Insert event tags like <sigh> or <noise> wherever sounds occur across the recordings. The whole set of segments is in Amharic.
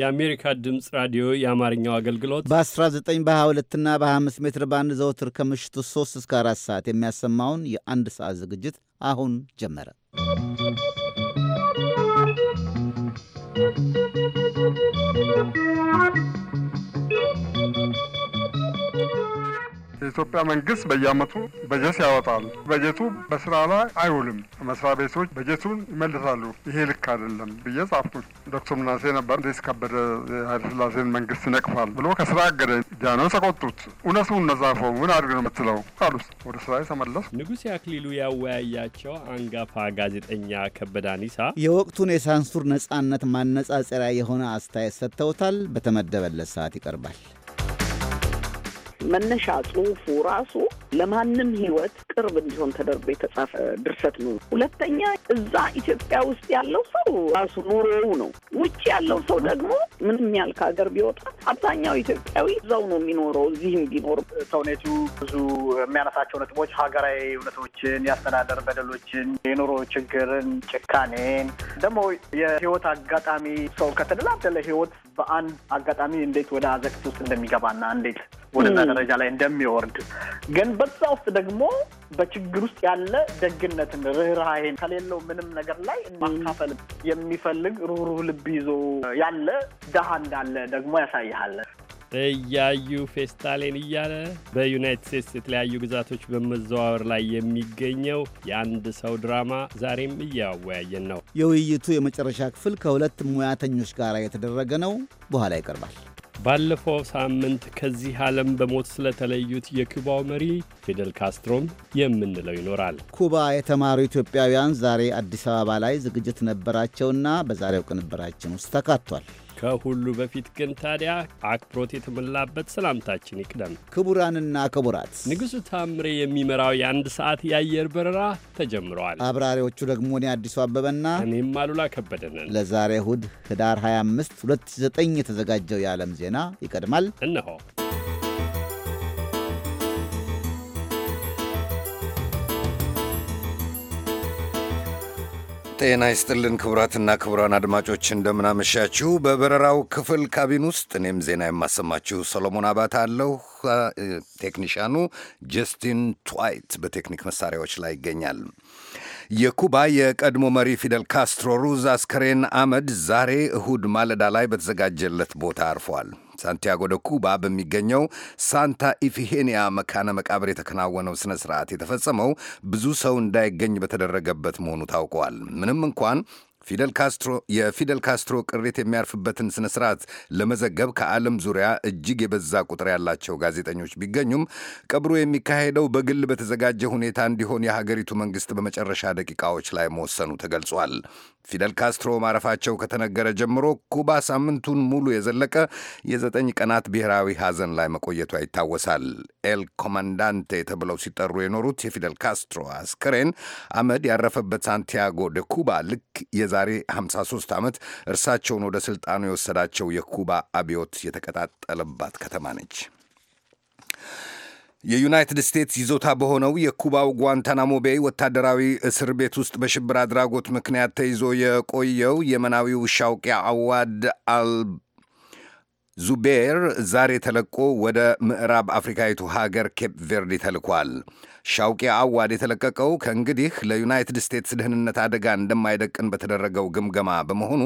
የአሜሪካ ድምፅ ራዲዮ የአማርኛው አገልግሎት በ19 በ22 እና በ25 ሜትር ባንድ ዘውትር ከምሽቱ 3 እስከ 4 ሰዓት የሚያሰማውን የአንድ ሰዓት ዝግጅት አሁን ጀመረ። የኢትዮጵያ መንግስት በየአመቱ በጀት ያወጣል። በጀቱ በስራ ላይ አይውልም። መስሪያ ቤቶች በጀቱን ይመልሳሉ። ይሄ ልክ አይደለም ብዬ ጻፍኩ። ዶክተር ምናሴ ነበር እንዴት ከበደ ኃይለስላሴን መንግስት ይነቅፋል ብሎ ከስራ አገደ። ጃኖ ተቆጡት። እውነቱ እነ ጻፈው ምን አድርግ ነው የምትለው አሉት። ወደ ስራ ተመለሱ። ንጉሴ አክሊሉ ያወያያቸው አንጋፋ ጋዜጠኛ ከበደ አኒሳ የወቅቱን የሳንሱር ነጻነት ማነጻጸሪያ የሆነ አስተያየት ሰጥተውታል። በተመደበለት ሰዓት ይቀርባል። መነሻ ጽሁፉ ራሱ ለማንም ህይወት ቅርብ እንዲሆን ተደርጎ የተጻፈ ድርሰት ነው። ሁለተኛ እዛ ኢትዮጵያ ውስጥ ያለው ሰው ራሱ ኑሮው ነው። ውጭ ያለው ሰው ደግሞ ምንም ያህል ከሀገር ቢወጣ አብዛኛው ኢትዮጵያዊ እዛው ነው የሚኖረው። እዚህም ቢኖር ተውኔቱ ብዙ የሚያነሳቸው ነጥቦች ሀገራዊ እውነቶችን፣ ያስተዳደር በደሎችን፣ የኑሮ ችግርን፣ ጭካኔን ደግሞ የህይወት አጋጣሚ ሰው ከተደላደለ ህይወት በአንድ አጋጣሚ እንዴት ወደ አዘቅት ውስጥ እንደሚገባና እንዴት ወደዛ ደረጃ ላይ እንደሚወርድ ግን በዛ ውስጥ ደግሞ በችግር ውስጥ ያለ ደግነትን፣ ርኅራሄን ከሌለው ምንም ነገር ላይ ማካፈል የሚፈልግ ሩህሩህ ልብ ይዞ ያለ ድሃ እንዳለ ደግሞ ያሳይሃል። እያዩ ፌስታሌን እያለ በዩናይትድ ስቴትስ የተለያዩ ግዛቶች በመዘዋወር ላይ የሚገኘው የአንድ ሰው ድራማ ዛሬም እያወያየን ነው። የውይይቱ የመጨረሻ ክፍል ከሁለት ሙያተኞች ጋር የተደረገ ነው። በኋላ ይቀርባል። ባለፈው ሳምንት ከዚህ ዓለም በሞት ስለተለዩት የኩባው መሪ ፊደል ካስትሮም የምንለው ይኖራል። ኩባ የተማሩ ኢትዮጵያውያን ዛሬ አዲስ አበባ ላይ ዝግጅት ነበራቸውና በዛሬው ቅንብራችን ውስጥ ተካቷል። ከሁሉ በፊት ግን ታዲያ አክብሮት የተሞላበት ሰላምታችን ይቅደም። ክቡራንና ክቡራት፣ ንጉሡ ታምሬ የሚመራው የአንድ ሰዓት የአየር በረራ ተጀምረዋል። አብራሪዎቹ ደግሞ እኔ አዲሱ አበበና እኔም አሉላ ከበደንን። ለዛሬ እሁድ ህዳር 25 2009 የተዘጋጀው የዓለም ዜና ይቀድማል። እነሆ ጤና ይስጥልን ክቡራትና ክቡራን አድማጮች እንደምናመሻችሁ። በበረራው ክፍል ካቢን ውስጥ እኔም ዜና የማሰማችሁ ሰሎሞን አባት አለሁ። ቴክኒሻኑ ጀስቲን ትዋይት በቴክኒክ መሳሪያዎች ላይ ይገኛል። የኩባ የቀድሞ መሪ ፊደል ካስትሮ ሩዝ አስከሬን አመድ ዛሬ እሁድ ማለዳ ላይ በተዘጋጀለት ቦታ አርፏል። ሳንቲያጎ ደ ኩባ በሚገኘው ሳንታ ኢፊሄንያ መካነ መቃብር የተከናወነው ስነ ስርዓት የተፈጸመው ብዙ ሰው እንዳይገኝ በተደረገበት መሆኑ ታውቀዋል። ምንም እንኳን ፊደል ካስትሮ የፊደል ካስትሮ ቅሬት የሚያርፍበትን ስነ ስርዓት ለመዘገብ ከዓለም ዙሪያ እጅግ የበዛ ቁጥር ያላቸው ጋዜጠኞች ቢገኙም ቀብሩ የሚካሄደው በግል በተዘጋጀ ሁኔታ እንዲሆን የሀገሪቱ መንግስት በመጨረሻ ደቂቃዎች ላይ መወሰኑ ተገልጿል። ፊደል ካስትሮ ማረፋቸው ከተነገረ ጀምሮ ኩባ ሳምንቱን ሙሉ የዘለቀ የዘጠኝ ቀናት ብሔራዊ ሐዘን ላይ መቆየቷ ይታወሳል። ኤል ኮማንዳንቴ ተብለው ሲጠሩ የኖሩት የፊደል ካስትሮ አስከሬን አመድ ያረፈበት ሳንቲያጎ ደ ኩባ ልክ የዛሬ 53 ዓመት እርሳቸውን ወደ ሥልጣኑ የወሰዳቸው የኩባ አብዮት የተቀጣጠለባት ከተማ ነች። የዩናይትድ ስቴትስ ይዞታ በሆነው የኩባው ጓንታናሞ ቤይ ወታደራዊ እስር ቤት ውስጥ በሽብር አድራጎት ምክንያት ተይዞ የቆየው የመናዊው ሻውቂያ አዋድ አል ዙቤር ዛሬ ተለቆ ወደ ምዕራብ አፍሪካዊቱ ሀገር ኬፕ ቬርዲ ተልኳል። ሻውቂያ አዋድ የተለቀቀው ከእንግዲህ ለዩናይትድ ስቴትስ ደህንነት አደጋ እንደማይደቅን በተደረገው ግምገማ በመሆኑ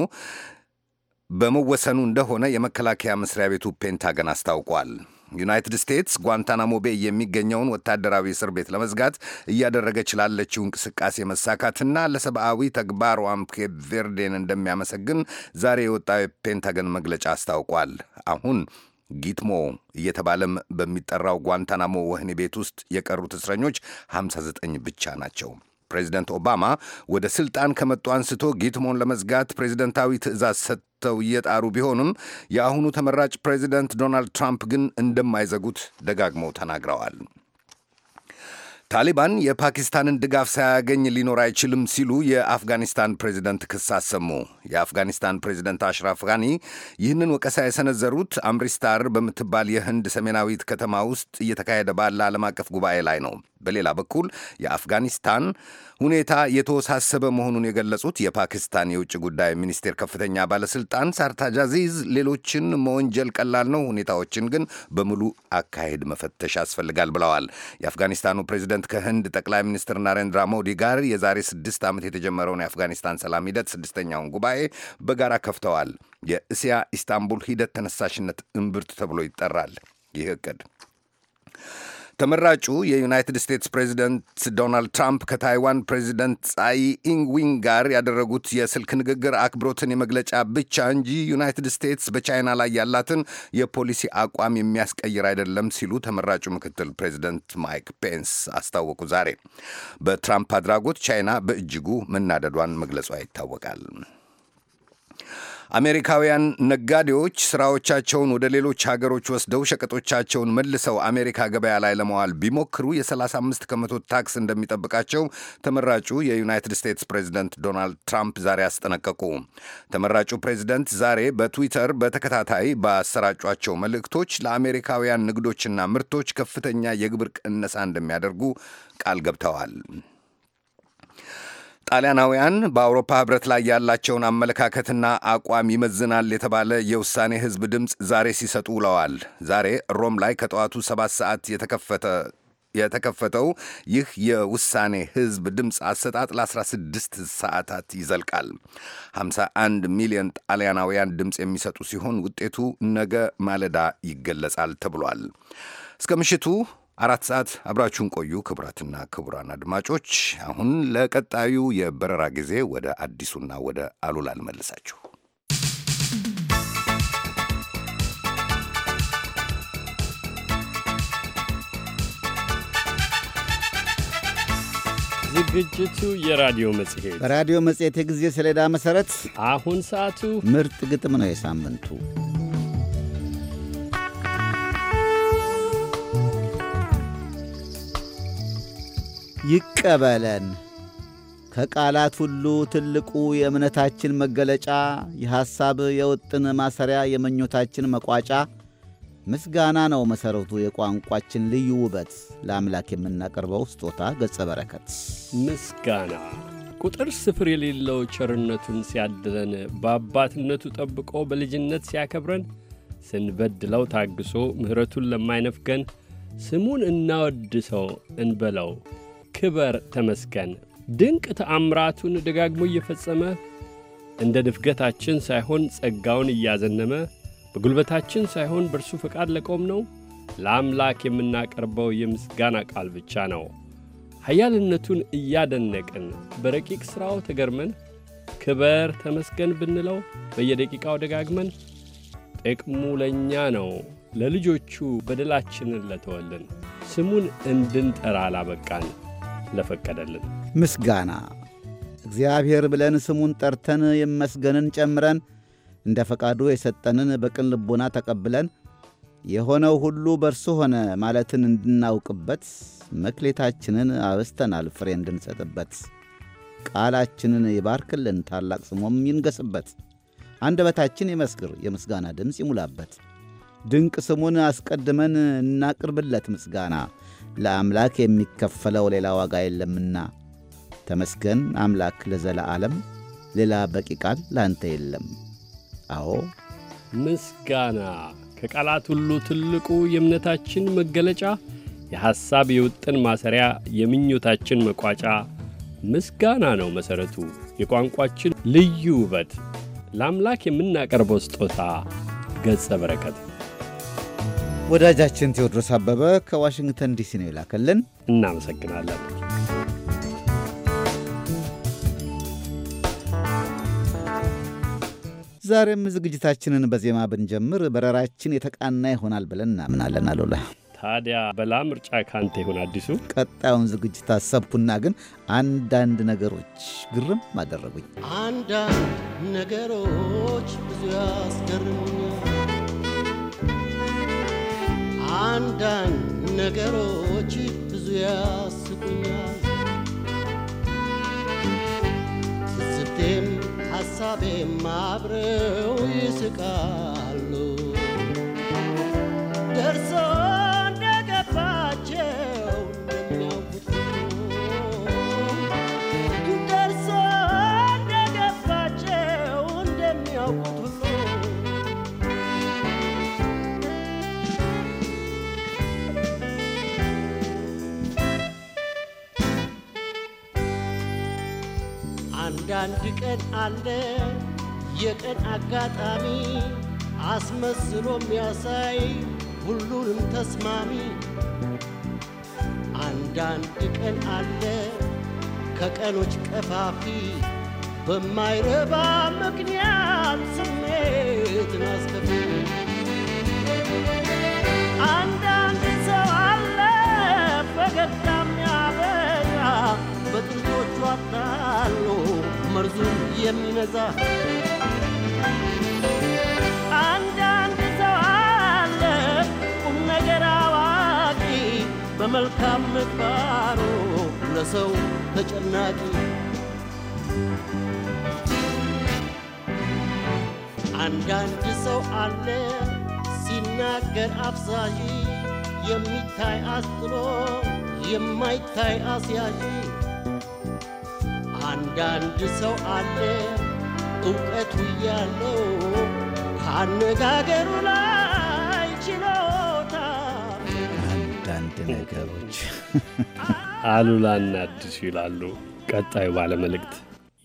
በመወሰኑ እንደሆነ የመከላከያ መስሪያ ቤቱ ፔንታገን አስታውቋል። ዩናይትድ ስቴትስ ጓንታናሞ ቤ የሚገኘውን ወታደራዊ እስር ቤት ለመዝጋት እያደረገች ላለችው እንቅስቃሴ መሳካትና ለሰብአዊ ተግባሯም ኬፕ ቬርዴን እንደሚያመሰግን ዛሬ የወጣው የፔንታገን መግለጫ አስታውቋል። አሁን ጊትሞ እየተባለም በሚጠራው ጓንታናሞ ወህኒ ቤት ውስጥ የቀሩት እስረኞች 59 ብቻ ናቸው። ፕሬዚደንት ኦባማ ወደ ስልጣን ከመጡ አንስቶ ጊትሞን ለመዝጋት ፕሬዚደንታዊ ትዕዛዝ ሰጥተው እየጣሩ ቢሆንም የአሁኑ ተመራጭ ፕሬዚደንት ዶናልድ ትራምፕ ግን እንደማይዘጉት ደጋግመው ተናግረዋል። ታሊባን የፓኪስታንን ድጋፍ ሳያገኝ ሊኖር አይችልም ሲሉ የአፍጋኒስታን ፕሬዚደንት ክስ አሰሙ። የአፍጋኒስታን ፕሬዚደንት አሽራፍ ጋኒ ይህንን ወቀሳ የሰነዘሩት አምሪስታር በምትባል የህንድ ሰሜናዊት ከተማ ውስጥ እየተካሄደ ባለ ዓለም አቀፍ ጉባኤ ላይ ነው። በሌላ በኩል የአፍጋኒስታን ሁኔታ የተወሳሰበ መሆኑን የገለጹት የፓኪስታን የውጭ ጉዳይ ሚኒስቴር ከፍተኛ ባለስልጣን ሳርታጅ አዚዝ ሌሎችን መወንጀል ቀላል ነው፣ ሁኔታዎችን ግን በሙሉ አካሄድ መፈተሽ ያስፈልጋል ብለዋል። የአፍጋኒስታኑ ፕሬዚደንት ከህንድ ጠቅላይ ሚኒስትር ናሬንድራ ሞዲ ጋር የዛሬ ስድስት ዓመት የተጀመረውን የአፍጋኒስታን ሰላም ሂደት ስድስተኛውን ጉባኤ በጋራ ከፍተዋል። የእስያ ኢስታንቡል ሂደት ተነሳሽነት እምብርት ተብሎ ይጠራል ይህ እቅድ ተመራጩ የዩናይትድ ስቴትስ ፕሬዚደንት ዶናልድ ትራምፕ ከታይዋን ፕሬዚደንት ጻይ ኢንግዊን ጋር ያደረጉት የስልክ ንግግር አክብሮትን የመግለጫ ብቻ እንጂ ዩናይትድ ስቴትስ በቻይና ላይ ያላትን የፖሊሲ አቋም የሚያስቀይር አይደለም ሲሉ ተመራጩ ምክትል ፕሬዚደንት ማይክ ፔንስ አስታወቁ። ዛሬ በትራምፕ አድራጎት ቻይና በእጅጉ መናደዷን መግለጿ ይታወቃል። አሜሪካውያን ነጋዴዎች ስራዎቻቸውን ወደ ሌሎች ሀገሮች ወስደው ሸቀጦቻቸውን መልሰው አሜሪካ ገበያ ላይ ለመዋል ቢሞክሩ የ35 ከመቶ ታክስ እንደሚጠብቃቸው ተመራጩ የዩናይትድ ስቴትስ ፕሬዚደንት ዶናልድ ትራምፕ ዛሬ አስጠነቀቁ። ተመራጩ ፕሬዚደንት ዛሬ በትዊተር በተከታታይ ባሰራጯቸው መልእክቶች ለአሜሪካውያን ንግዶችና ምርቶች ከፍተኛ የግብር ቅነሳ እንደሚያደርጉ ቃል ገብተዋል። ጣሊያናውያን በአውሮፓ ህብረት ላይ ያላቸውን አመለካከትና አቋም ይመዝናል የተባለ የውሳኔ ህዝብ ድምፅ ዛሬ ሲሰጡ ውለዋል። ዛሬ ሮም ላይ ከጠዋቱ ሰባት ሰዓት የተከፈተ የተከፈተው ይህ የውሳኔ ህዝብ ድምፅ አሰጣጥ ለ16 ሰዓታት ይዘልቃል። 51 ሚሊዮን ጣሊያናውያን ድምፅ የሚሰጡ ሲሆን ውጤቱ ነገ ማለዳ ይገለጻል ተብሏል። እስከ ምሽቱ አራት ሰዓት አብራችሁን ቆዩ። ክቡራትና ክቡራን አድማጮች አሁን ለቀጣዩ የበረራ ጊዜ ወደ አዲሱና ወደ አሉላ አልመልሳችሁ። ዝግጅቱ የራዲዮ መጽሔት በራዲዮ መጽሔት የጊዜ ሰሌዳ መሠረት አሁን ሰዓቱ ምርጥ ግጥም ነው የሳምንቱ ይቀበለን። ከቃላት ሁሉ ትልቁ የእምነታችን መገለጫ፣ የሐሳብ የውጥን ማሰሪያ፣ የመኞታችን መቋጫ ምስጋና ነው። መሠረቱ የቋንቋችን ልዩ ውበት፣ ለአምላክ የምናቀርበው ስጦታ ገጸ በረከት ምስጋና ቁጥር ስፍር የሌለው ቸርነቱን ሲያድለን በአባትነቱ ጠብቆ በልጅነት ሲያከብረን ስንበድለው ታግሶ ምሕረቱን ለማይነፍገን ስሙን እናወድሰው እንበለው። ክበር ተመስገን። ድንቅ ተአምራቱን ደጋግሞ እየፈጸመ እንደ ድፍገታችን ሳይሆን ጸጋውን እያዘነመ በጉልበታችን ሳይሆን በእርሱ ፈቃድ ለቆም ነው ለአምላክ የምናቀርበው የምስጋና ቃል ብቻ ነው። ኃያልነቱን እያደነቅን በረቂቅ ሥራው ተገርመን ክበር ተመስገን ብንለው በየደቂቃው ደጋግመን ጥቅሙ ለእኛ ነው፣ ለልጆቹ በደላችንን ለተወልን ስሙን እንድንጠራ አላበቃን። ለፈቀደልን ምስጋና እግዚአብሔር ብለን ስሙን ጠርተን የመስገንን ጨምረን እንደ ፈቃዱ የሰጠንን በቅን ልቦና ተቀብለን የሆነው ሁሉ በርሱ ሆነ ማለትን እንድናውቅበት መክሌታችንን አብስተናል ፍሬ እንድንሰጥበት ቃላችንን ይባርክልን ታላቅ ስሞም ይንገስበት አንደበታችን ይመስክር የምስጋና ድምፅ ይሙላበት ድንቅ ስሙን አስቀድመን እናቅርብለት ምስጋና ለአምላክ የሚከፈለው ሌላ ዋጋ የለምና ተመስገን አምላክ ለዘለዓለም። ሌላ በቂ ቃል ለአንተ የለም። አዎ ምስጋና ከቃላት ሁሉ ትልቁ የእምነታችን መገለጫ፣ የሐሳብ የውጥን ማሰሪያ፣ የምኞታችን መቋጫ ምስጋና ነው መሠረቱ፣ የቋንቋችን ልዩ ውበት፣ ለአምላክ የምናቀርበው ስጦታ ገጸ በረከት ወዳጃችን ቴዎድሮስ አበበ ከዋሽንግተን ዲሲ ነው ይላከልን። እናመሰግናለን። ዛሬም ዝግጅታችንን በዜማ ብንጀምር በረራችን የተቃና ይሆናል ብለን እናምናለን። አሉላ ታዲያ በላ ምርጫ ካንተ ይሆን አዲሱ ቀጣዩን ዝግጅት አሰብኩና ግን አንዳንድ ነገሮች ግርም አደረጉኝ። አንዳንድ ነገሮች ብዙ ያስገርሙኛል አንዳንድ ነገሮች ብዙ ያስቁኛል። ትዝብቴም ሐሳቤም አብረው ይስቃሉ ደርሰው አንድ ቀን አለ የቀን አጋጣሚ አስመስሎ የሚያሳይ ሁሉንም ተስማሚ። አንዳንድ ቀን አለ ከቀኖች ቀፋፊ በማይረባ ምክንያት ስሜት ናስከፊ አንዳንድ ሰው አለ ፈገግታ የሚያበራ በጥንቶቹ አታሎ መርዙ የሚነዛ አንዳንድ ሰው አለ ቁም ነገር አዋቂ በመልካም ምግባሩ ለሰው ተጨናቂ አንዳንድ ሰው አለ ሲናገር አፍዛዥ የሚታይ አስጥሎ የማይታይ አስያዥ አንዳንድ ሰው አለ እውቀቱ ያለው ከአነጋገሩ ላይ ችሎታ አንዳንድ ነገሮች አሉላና አዲሱ ይላሉ ቀጣዩ ባለመልእክት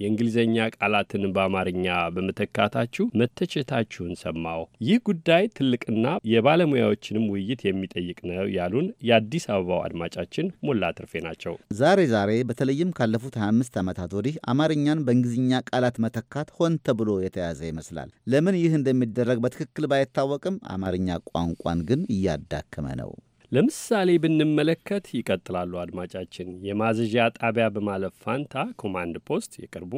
የእንግሊዝኛ ቃላትን በአማርኛ በመተካታችሁ መተቸታችሁን ሰማው ይህ ጉዳይ ትልቅና የባለሙያዎችንም ውይይት የሚጠይቅ ነው ያሉን የአዲስ አበባው አድማጫችን ሞላ ትርፌ ናቸው። ዛሬ ዛሬ በተለይም ካለፉት 25 ዓመታት ወዲህ አማርኛን በእንግሊዝኛ ቃላት መተካት ሆን ተብሎ የተያዘ ይመስላል። ለምን ይህ እንደሚደረግ በትክክል ባይታወቅም አማርኛ ቋንቋን ግን እያዳከመ ነው። ለምሳሌ ብንመለከት ይቀጥላሉ አድማጫችን፣ የማዘዣ ጣቢያ በማለፍ ፋንታ ኮማንድ ፖስት የቅርቡ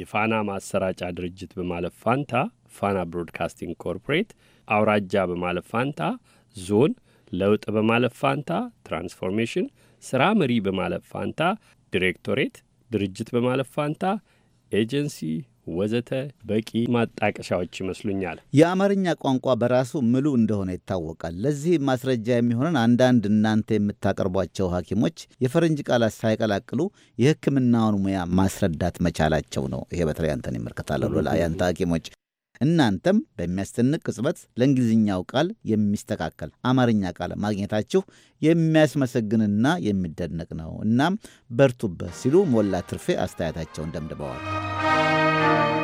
የፋና ማሰራጫ ድርጅት በማለፍ ፋንታ ፋና ብሮድካስቲንግ ኮርፖሬት፣ አውራጃ በማለፍ ፋንታ ዞን፣ ለውጥ በማለፍ ፋንታ ትራንስፎርሜሽን፣ ስራ መሪ በማለፍ ፋንታ ዲሬክቶሬት፣ ድርጅት በማለፍ ፋንታ ኤጀንሲ ወዘተ በቂ ማጣቀሻዎች ይመስሉኛል። የአማርኛ ቋንቋ በራሱ ምሉ እንደሆነ ይታወቃል። ለዚህ ማስረጃ የሚሆነን አንዳንድ እናንተ የምታቀርቧቸው ሐኪሞች የፈረንጅ ቃላት ሳይቀላቅሉ የሕክምናውን ሙያ ማስረዳት መቻላቸው ነው። ይሄ በተለይ አንተን ይመለከታል አሉላ፣ ያንተ ሐኪሞች። እናንተም በሚያስደንቅ ቅጽበት ለእንግሊዝኛው ቃል የሚስተካከል አማርኛ ቃል ማግኘታችሁ የሚያስመሰግንና የሚደነቅ ነው። እናም በርቱበት ሲሉ ሞላ ትርፌ አስተያየታቸውን ደምድበዋል። thank you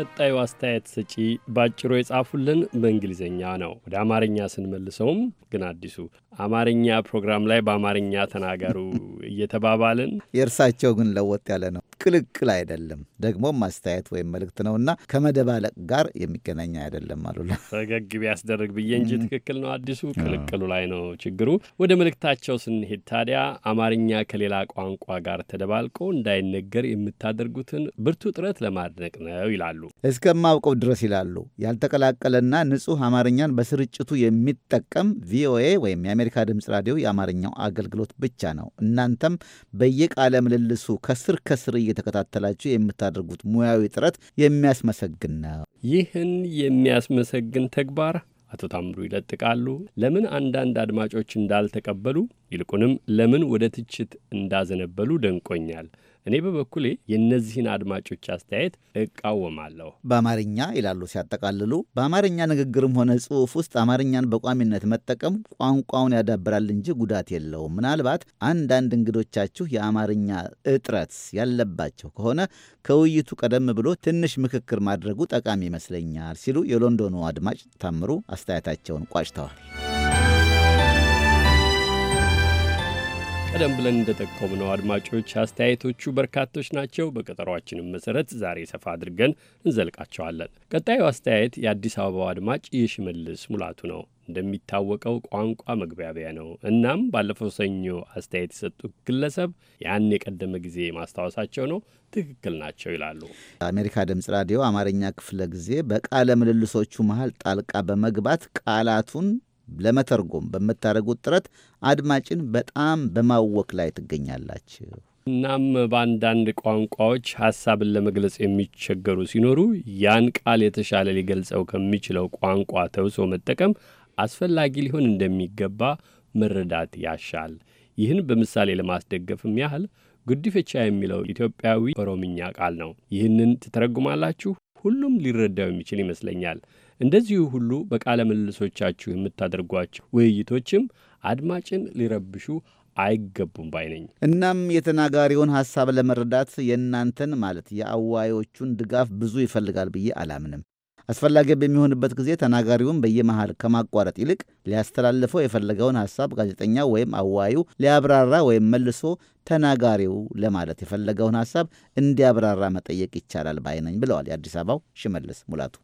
ቀጣዩ አስተያየት ሰጪ ባጭሩ የጻፉልን በእንግሊዝኛ ነው። ወደ አማርኛ ስንመልሰውም ግን አዲሱ አማርኛ ፕሮግራም ላይ በአማርኛ ተናገሩ <laughs> እየተባባልን የእርሳቸው ግን ለወጥ ያለ ነው። ቅልቅል አይደለም፣ ደግሞም አስተያየት ወይም መልእክት ነውና ከመደባለቅ ጋር የሚገናኝ አይደለም። አሉላ ፈገግ ቢያስደርግ ብዬ እንጂ ትክክል ነው። አዲሱ ቅልቅሉ ላይ ነው ችግሩ። ወደ መልእክታቸው ስንሄድ ታዲያ አማርኛ ከሌላ ቋንቋ ጋር ተደባልቆ እንዳይነገር የምታደርጉትን ብርቱ ጥረት ለማድነቅ ነው ይላሉ። እስከማውቀው ድረስ ይላሉ። ያልተቀላቀለና ንጹህ አማርኛን በስርጭቱ የሚጠቀም ቪኦኤ ወይም የአሜሪካ ድምፅ ራዲዮ የአማርኛው አገልግሎት ብቻ ነው። እናንተም በየቃለ ምልልሱ ከስር ከስር እየተከታተላችሁ የምታደርጉት ሙያዊ ጥረት የሚያስመሰግን ነው። ይህን የሚያስመሰግን ተግባር አቶ ታምሩ ይለጥቃሉ። ለምን አንዳንድ አድማጮች እንዳልተቀበሉ ይልቁንም ለምን ወደ ትችት እንዳዘነበሉ ደንቆኛል። እኔ በበኩሌ የእነዚህን አድማጮች አስተያየት እቃወማለሁ። በአማርኛ ይላሉ ሲያጠቃልሉ፣ በአማርኛ ንግግርም ሆነ ጽሑፍ ውስጥ አማርኛን በቋሚነት መጠቀም ቋንቋውን ያዳብራል እንጂ ጉዳት የለውም። ምናልባት አንዳንድ እንግዶቻችሁ የአማርኛ እጥረት ያለባቸው ከሆነ ከውይይቱ ቀደም ብሎ ትንሽ ምክክር ማድረጉ ጠቃሚ ይመስለኛል ሲሉ የሎንዶኑ አድማጭ ታምሩ አስተያየታቸውን ቋጭተዋል። ቀደም ብለን እንደጠቆምነው አድማጮች አስተያየቶቹ በርካቶች ናቸው። በቀጠሯችንም መሰረት ዛሬ ሰፋ አድርገን እንዘልቃቸዋለን። ቀጣዩ አስተያየት የአዲስ አበባው አድማጭ የሽመልስ ሙላቱ ነው። እንደሚታወቀው ቋንቋ መግባቢያ ነው። እናም ባለፈው ሰኞ አስተያየት የሰጡት ግለሰብ ያን የቀደመ ጊዜ ማስታወሳቸው ነው። ትክክል ናቸው ይላሉ። አሜሪካ ድምፅ ራዲዮ አማርኛ ክፍለ ጊዜ በቃለ ምልልሶቹ መሀል ጣልቃ በመግባት ቃላቱን ለመተርጎም በምታደርጉት ጥረት አድማጭን በጣም በማወክ ላይ ትገኛላችሁ። እናም በአንዳንድ ቋንቋዎች ሀሳብን ለመግለጽ የሚቸገሩ ሲኖሩ ያን ቃል የተሻለ ሊገልጸው ከሚችለው ቋንቋ ተውሶ መጠቀም አስፈላጊ ሊሆን እንደሚገባ መረዳት ያሻል። ይህን በምሳሌ ለማስደገፍም ያህል ጉዲፈቻ የሚለው ኢትዮጵያዊ ኦሮምኛ ቃል ነው። ይህንን ትተረጉማላችሁ? ሁሉም ሊረዳው የሚችል ይመስለኛል። እንደዚሁ ሁሉ በቃለ ምልልሶቻችሁ የምታደርጓቸው ውይይቶችም አድማጭን ሊረብሹ አይገቡም ባይ ነኝ። እናም የተናጋሪውን ሐሳብ ለመረዳት የእናንተን ማለት የአዋዮቹን ድጋፍ ብዙ ይፈልጋል ብዬ አላምንም። አስፈላጊ በሚሆንበት ጊዜ ተናጋሪውን በየመሃል ከማቋረጥ ይልቅ ሊያስተላልፈው የፈለገውን ሐሳብ ጋዜጠኛ ወይም አዋዩ ሊያብራራ ወይም መልሶ ተናጋሪው ለማለት የፈለገውን ሐሳብ እንዲያብራራ መጠየቅ ይቻላል ባይ ነኝ ብለዋል የአዲስ አበባው ሽመልስ ሙላቱ።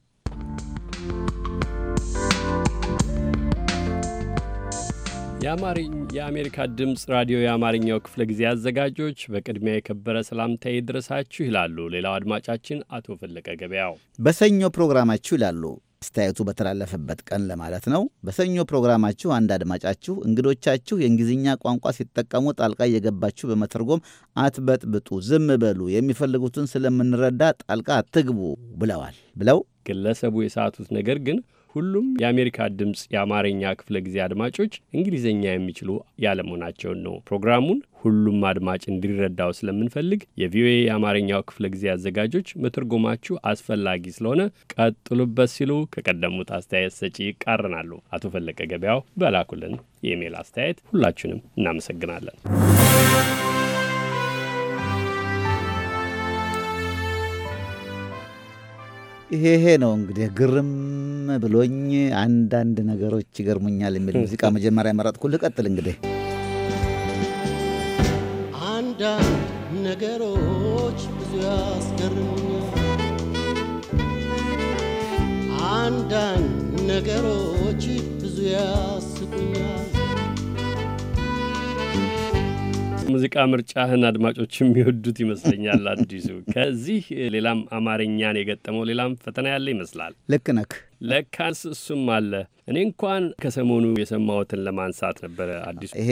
የአሜሪካ ድምፅ ራዲዮ የአማርኛው ክፍለ ጊዜ አዘጋጆች በቅድሚያ የከበረ ሰላምታ ይድረሳችሁ ይላሉ። ሌላው አድማጫችን አቶ ፈለቀ ገበያው በሰኞ ፕሮግራማችሁ ይላሉ፣ አስተያየቱ በተላለፈበት ቀን ለማለት ነው። በሰኞ ፕሮግራማችሁ አንድ አድማጫችሁ እንግዶቻችሁ የእንግሊዝኛ ቋንቋ ሲጠቀሙ ጣልቃ እየገባችሁ በመተርጎም አትበጥብጡ፣ ዝም በሉ፣ የሚፈልጉትን ስለምንረዳ ጣልቃ አትግቡ ብለዋል ብለው ግለሰቡ የሰዓቱት ነገር ግን ሁሉም የአሜሪካ ድምፅ የአማርኛ ክፍለ ጊዜ አድማጮች እንግሊዝኛ የሚችሉ ያለመሆናቸውን ነው። ፕሮግራሙን ሁሉም አድማጭ እንዲረዳው ስለምንፈልግ የቪኦኤ የአማርኛው ክፍለ ጊዜ አዘጋጆች መተርጎማችሁ አስፈላጊ ስለሆነ ቀጥሉበት ሲሉ ከቀደሙት አስተያየት ሰጪ ይቃረናሉ። አቶ ፈለቀ ገበያው በላኩልን የኢሜል አስተያየት ሁላችሁንም እናመሰግናለን። ይሄ ይሄ ነው እንግዲህ ግርም ብሎኝ አንዳንድ ነገሮች ይገርሙኛል የሚል ሙዚቃ መጀመሪያ መረጥኩልህ። ቀጥል እንግዲህ አንዳንድ ነገሮች ብዙ ያስገርሙኛል፣ አንዳንድ ነገሮች ብዙ ያስቁኛል ሙዚቃ ምርጫህን አድማጮች የሚወዱት ይመስለኛል። አዲሱ ከዚህ ሌላም አማርኛን የገጠመው ሌላም ፈተና ያለ ይመስላል። ልክ ነክ እሱም አለ እኔ እንኳን ከሰሞኑ የሰማሁትን ለማንሳት ነበረ። አዲሱ ይሄ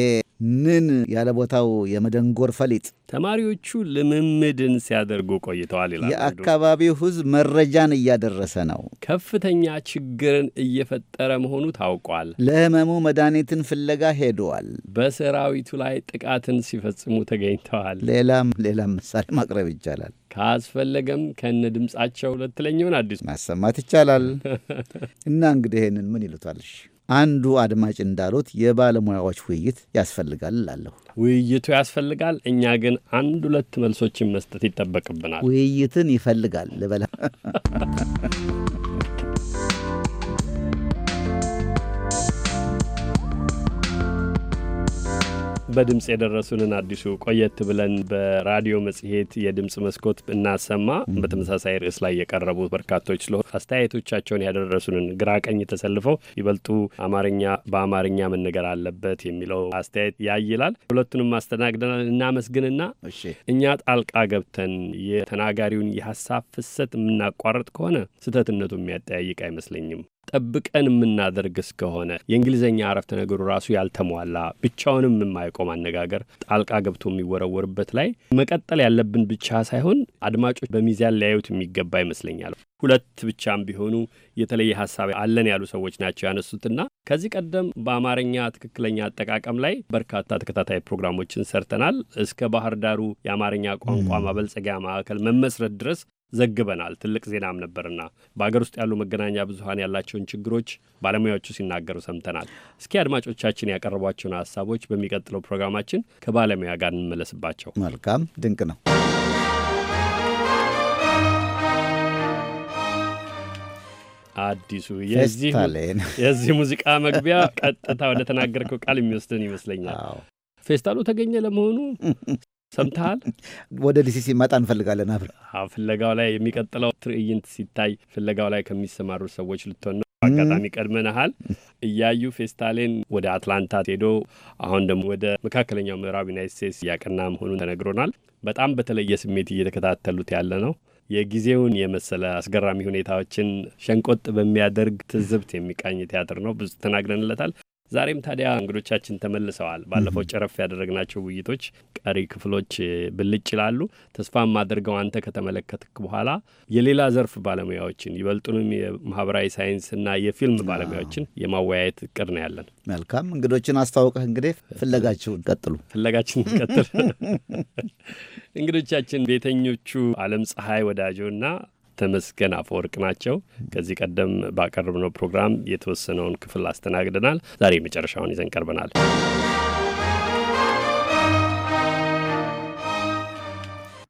ንን ያለ ቦታው የመደንጎር ፈሊጥ ተማሪዎቹ ልምምድን ሲያደርጉ ቆይተዋል ይላል። የአካባቢው ሕዝብ መረጃን እያደረሰ ነው። ከፍተኛ ችግርን እየፈጠረ መሆኑ ታውቋል። ለህመሙ መድኃኒትን ፍለጋ ሄደዋል። በሰራዊቱ ላይ ጥቃትን ሲፈጽሙ ተገኝተዋል። ሌላም ሌላም ምሳሌ ማቅረብ ይቻላል። ካስፈለገም ከነ ድምጻቸው ለትለኛውን አዲሱ ማሰማት ይቻላል <laughs> እና እንግዲህ ይህንን ምን ይሉታልሽ? አንዱ አድማጭ እንዳሉት የባለሙያዎች ውይይት ያስፈልጋል እላለሁ። ውይይቱ ያስፈልጋል። እኛ ግን አንድ ሁለት መልሶችን መስጠት ይጠበቅብናል። ውይይትን ይፈልጋል ልበላ <laughs> በድምፅ የደረሱንን አዲሱ ቆየት ብለን በራዲዮ መጽሔት የድምፅ መስኮት እናሰማ። በተመሳሳይ ርዕስ ላይ የቀረቡ በርካቶች ስለ አስተያየቶቻቸውን ያደረሱንን ግራ ቀኝ ተሰልፈው ይበልጡ አማርኛ በአማርኛ መነገር አለበት የሚለው አስተያየት ያይላል። ሁለቱንም አስተናግደናል። እናመስግንና እኛ ጣልቃ ገብተን የተናጋሪውን የሀሳብ ፍሰት የምናቋረጥ ከሆነ ስህተትነቱ የሚያጠያይቅ አይመስለኝም። ጠብቀን የምናደርግ እስከሆነ የእንግሊዝኛ አረፍተ ነገሩ ራሱ ያልተሟላ ብቻውንም የማይቆም አነጋገር ጣልቃ ገብቶ የሚወረወርበት ላይ መቀጠል ያለብን ብቻ ሳይሆን አድማጮች በሚዛን ሊያዩት የሚገባ ይመስለኛል። ሁለት ብቻም ቢሆኑ የተለየ ሀሳብ አለን ያሉ ሰዎች ናቸው ያነሱትና ከዚህ ቀደም በአማርኛ ትክክለኛ አጠቃቀም ላይ በርካታ ተከታታይ ፕሮግራሞችን ሰርተናል። እስከ ባህር ዳሩ የአማርኛ ቋንቋ ማበልጸጊያ ማዕከል መመስረት ድረስ ዘግበናል። ትልቅ ዜናም ነበርና በሀገር ውስጥ ያሉ መገናኛ ብዙኃን ያላቸውን ችግሮች ባለሙያዎቹ ሲናገሩ ሰምተናል። እስኪ አድማጮቻችን ያቀረቧቸውን ሀሳቦች በሚቀጥለው ፕሮግራማችን ከባለሙያ ጋር እንመለስባቸው። መልካም ድንቅ ነው። አዲሱ የዚህ ሙዚቃ መግቢያ ቀጥታ ወደ ተናገርከው ቃል የሚወስድን ይመስለኛል። ፌስታሉ ተገኘ ለመሆኑ <laughs> ሰምተሃል። ወደ ዲሲ ሲመጣ እንፈልጋለን። አብ ፍለጋው ላይ የሚቀጥለው ትዕይንት ሲታይ ፍለጋው ላይ ከሚሰማሩ ሰዎች ልትሆን ነው። አጋጣሚ ቀድመናሃል። እያዩ ፌስታሌን ወደ አትላንታ ሄዶ አሁን ደግሞ ወደ መካከለኛው ምዕራብ ዩናይት ስቴትስ እያቀና መሆኑን ተነግሮናል። በጣም በተለየ ስሜት እየተከታተሉት ያለ ነው። የጊዜውን የመሰለ አስገራሚ ሁኔታዎችን ሸንቆጥ በሚያደርግ ትዝብት የሚቃኝ ቲያትር ነው። ብዙ ተናግረንለታል። ዛሬም ታዲያ እንግዶቻችን ተመልሰዋል። ባለፈው ጨረፍ ያደረግናቸው ውይይቶች ቀሪ ክፍሎች ብልጭ ይላሉ። ተስፋም አድርገው አንተ ከተመለከትክ በኋላ የሌላ ዘርፍ ባለሙያዎችን ይበልጡንም የማህበራዊ ሳይንስና የፊልም ባለሙያዎችን የማወያየት እቅድ ነው ያለን። መልካም እንግዶችን አስተዋውቀህ እንግዲህ ፍለጋችሁን ቀጥሉ፣ ፍለጋችን <laughs> ቀጥል። እንግዶቻችን ቤተኞቹ አለም ፀሐይ ወዳጆና ተመስገን አፈወርቅ ናቸው። ከዚህ ቀደም ባቀረብነው ፕሮግራም የተወሰነውን ክፍል አስተናግደናል። ዛሬ መጨረሻውን ይዘን ቀርበናል።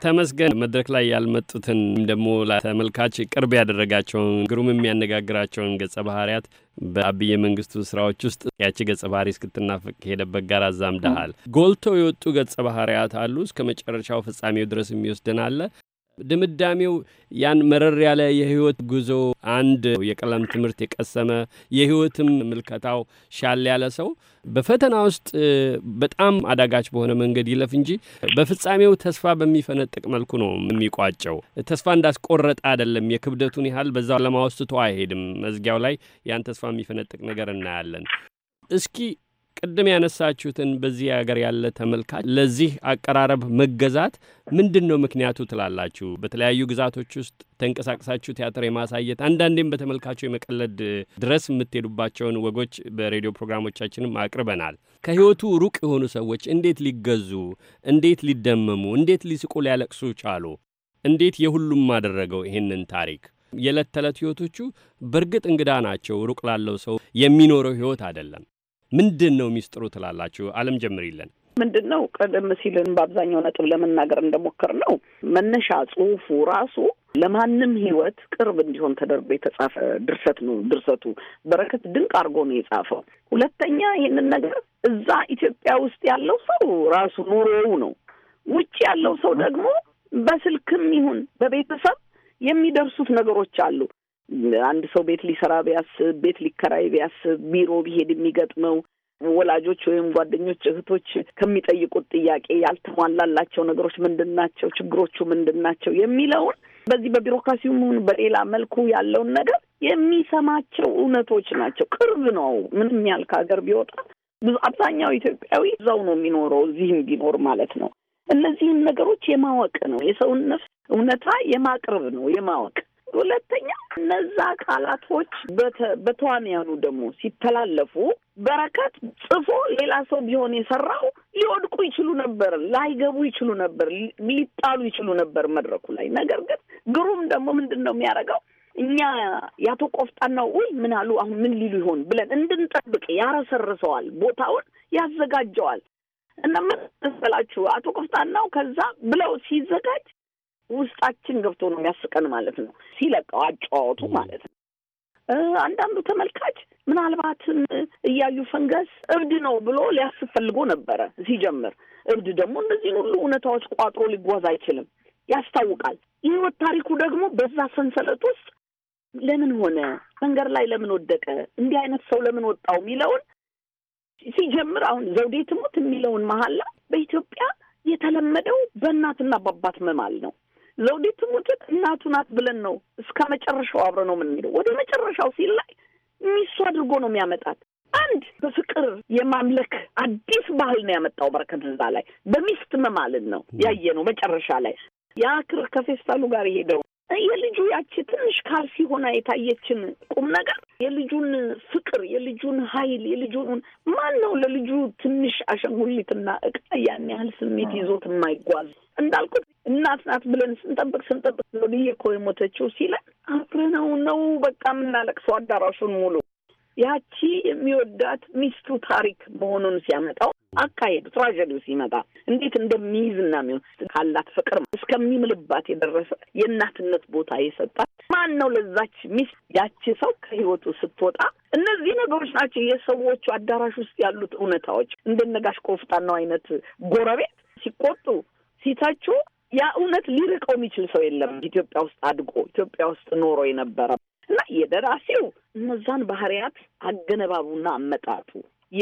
ተመስገን መድረክ ላይ ያልመጡትን ደግሞ ለተመልካች ቅርብ ያደረጋቸውን ግሩም የሚያነጋግራቸውን ገጸ ባህርያት በአብየ መንግስቱ ስራዎች ውስጥ ያቺ ገጸ ባህሪ እስክትናፍቅ ሄደበት ጋር አዛምደሃል። ጎልተው የወጡ ገጸ ባህርያት አሉ። እስከ መጨረሻው ፍጻሜው ድረስ የሚወስደን አለ። ድምዳሜው ያን መረር ያለ የህይወት ጉዞ አንድ የቀለም ትምህርት የቀሰመ የህይወትም ምልከታው ሻል ያለ ሰው በፈተና ውስጥ በጣም አዳጋች በሆነ መንገድ ይለፍ እንጂ በፍጻሜው ተስፋ በሚፈነጥቅ መልኩ ነው የሚቋጨው። ተስፋ እንዳስቆረጠ አይደለም። የክብደቱን ያህል በዛ ለማወስትቶ አይሄድም። መዝጊያው ላይ ያን ተስፋ የሚፈነጥቅ ነገር እናያለን። እስኪ ቅድም ያነሳችሁትን በዚህ ሀገር ያለ ተመልካች ለዚህ አቀራረብ መገዛት ምንድን ነው ምክንያቱ ትላላችሁ? በተለያዩ ግዛቶች ውስጥ ተንቀሳቀሳችሁ ቲያትር የማሳየት አንዳንዴም በተመልካቹ የመቀለድ ድረስ የምትሄዱባቸውን ወጎች በሬዲዮ ፕሮግራሞቻችንም አቅርበናል። ከህይወቱ ሩቅ የሆኑ ሰዎች እንዴት ሊገዙ፣ እንዴት ሊደመሙ፣ እንዴት ሊስቁ፣ ሊያለቅሱ ቻሉ? እንዴት የሁሉም አደረገው ይህንን ታሪክ? የዕለት ተዕለት ህይወቶቹ በእርግጥ እንግዳ ናቸው። ሩቅ ላለው ሰው የሚኖረው ህይወት አይደለም። ምንድን ነው ሚስጥሩ ትላላችሁ? አለም ጀምሪለን። ምንድን ነው ቀደም ሲልን በአብዛኛው ነጥብ ለመናገር እንደሞከር ነው መነሻ ጽሁፉ ራሱ ለማንም ህይወት ቅርብ እንዲሆን ተደርጎ የተጻፈ ድርሰት ነው። ድርሰቱ በረከት ድንቅ አድርጎ ነው የጻፈው። ሁለተኛ ይህንን ነገር እዛ ኢትዮጵያ ውስጥ ያለው ሰው ራሱ ኑሮው ነው። ውጭ ያለው ሰው ደግሞ በስልክም ይሁን በቤተሰብ የሚደርሱት ነገሮች አሉ። አንድ ሰው ቤት ሊሰራ ቢያስብ፣ ቤት ሊከራይ ቢያስብ፣ ቢሮ ቢሄድ የሚገጥመው ወላጆች ወይም ጓደኞች እህቶች ከሚጠይቁት ጥያቄ ያልተሟላላቸው ነገሮች ምንድን ናቸው? ችግሮቹ ምንድን ናቸው? የሚለውን በዚህ በቢሮክራሲውም በሌላ መልኩ ያለውን ነገር የሚሰማቸው እውነቶች ናቸው። ቅርብ ነው። ምንም ያህል ከሀገር ቢወጣ ብዙ አብዛኛው ኢትዮጵያዊ እዛው ነው የሚኖረው፣ እዚህም ቢኖር ማለት ነው። እነዚህን ነገሮች የማወቅ ነው። የሰውን ነፍስ እውነታ የማቅረብ ነው፣ የማወቅ ሁለተኛ እነዛ አካላቶች በተዋንያኑ ደግሞ ሲተላለፉ በረከት ጽፎ ሌላ ሰው ቢሆን የሰራው ሊወድቁ ይችሉ ነበር፣ ላይገቡ ይችሉ ነበር፣ ሊጣሉ ይችሉ ነበር መድረኩ ላይ። ነገር ግን ግሩም ደግሞ ምንድን ነው የሚያደርገው እኛ ያቶ ቆፍጣናው ወይ ምን አሉ አሁን ምን ሊሉ ይሆን ብለን እንድንጠብቅ ያረሰርሰዋል፣ ቦታውን ያዘጋጀዋል። እና ምን መሰላችሁ አቶ ቆፍጣናው ከዛ ብለው ሲዘጋጅ ውስጣችን ገብቶ ነው የሚያስቀን ማለት ነው። ሲለቀው አጫዋወቱ ማለት ነው። አንዳንዱ ተመልካች ምናልባትም እያዩ ፈንገስ እብድ ነው ብሎ ሊያስብ ፈልጎ ነበረ ሲጀምር። እብድ ደግሞ እነዚህን ሁሉ እውነታዎች ቋጥሮ ሊጓዝ አይችልም፣ ያስታውቃል። የህይወት ታሪኩ ደግሞ በዛ ሰንሰለት ውስጥ ለምን ሆነ፣ መንገድ ላይ ለምን ወደቀ፣ እንዲህ አይነት ሰው ለምን ወጣው የሚለውን ሲጀምር አሁን ዘውዴ ትሙት የሚለውን መሀላ በኢትዮጵያ የተለመደው በእናትና በአባት መማል ነው። ዘውዲቱ ሙጭት እናቱ ናት ብለን ነው እስከ መጨረሻው አብረ ነው የምንሄደው። ወደ መጨረሻው ሲል ላይ ሚሱ አድርጎ ነው የሚያመጣት። አንድ በፍቅር የማምለክ አዲስ ባህል ነው ያመጣው በረከት እዛ ላይ በሚስት መማልን ነው ያየ ነው መጨረሻ ላይ ያ ክር ከፌስታሉ ጋር የሄደው የልጁ ያቺ ትንሽ ካልሲ ሆና የታየችን ቁም ነገር የልጁን ፍቅር፣ የልጁን ኃይል፣ የልጁን ማን ነው ለልጁ ትንሽ አሸንጉሊትና እቃ ያን ያህል ስሜት ይዞት የማይጓዝ እንዳልኩት እናት ናት ብለን ስንጠብቅ ስንጠብቅ ሎልዬ እኮ የሞተችው ሲለን አብረነው ነው በቃ የምናለቅሰው አዳራሹን ሙሉ። ያቺ የሚወዳት ሚስቱ ታሪክ መሆኑን ሲያመጣው አካሄዱ ትራጀዲው ሲመጣ እንዴት እንደሚይዝና የሚሆን ካላት ፍቅር እስከሚምልባት የደረሰ የእናትነት ቦታ የሰጣት ማን ነው? ለዛች ሚስት ያቺ ሰው ከህይወቱ ስትወጣ እነዚህ ነገሮች ናቸው የሰዎቹ አዳራሽ ውስጥ ያሉት እውነታዎች። እንደነጋሽ ኮፍጣናው አይነት ጎረቤት ሲቆጡ ሲተቹ ያ እውነት ሊርቀው የሚችል ሰው የለም። ኢትዮጵያ ውስጥ አድጎ ኢትዮጵያ ውስጥ ኖሮ የነበረ እና የደራሲው እነዛን ባህሪያት አገነባቡና አመጣጡ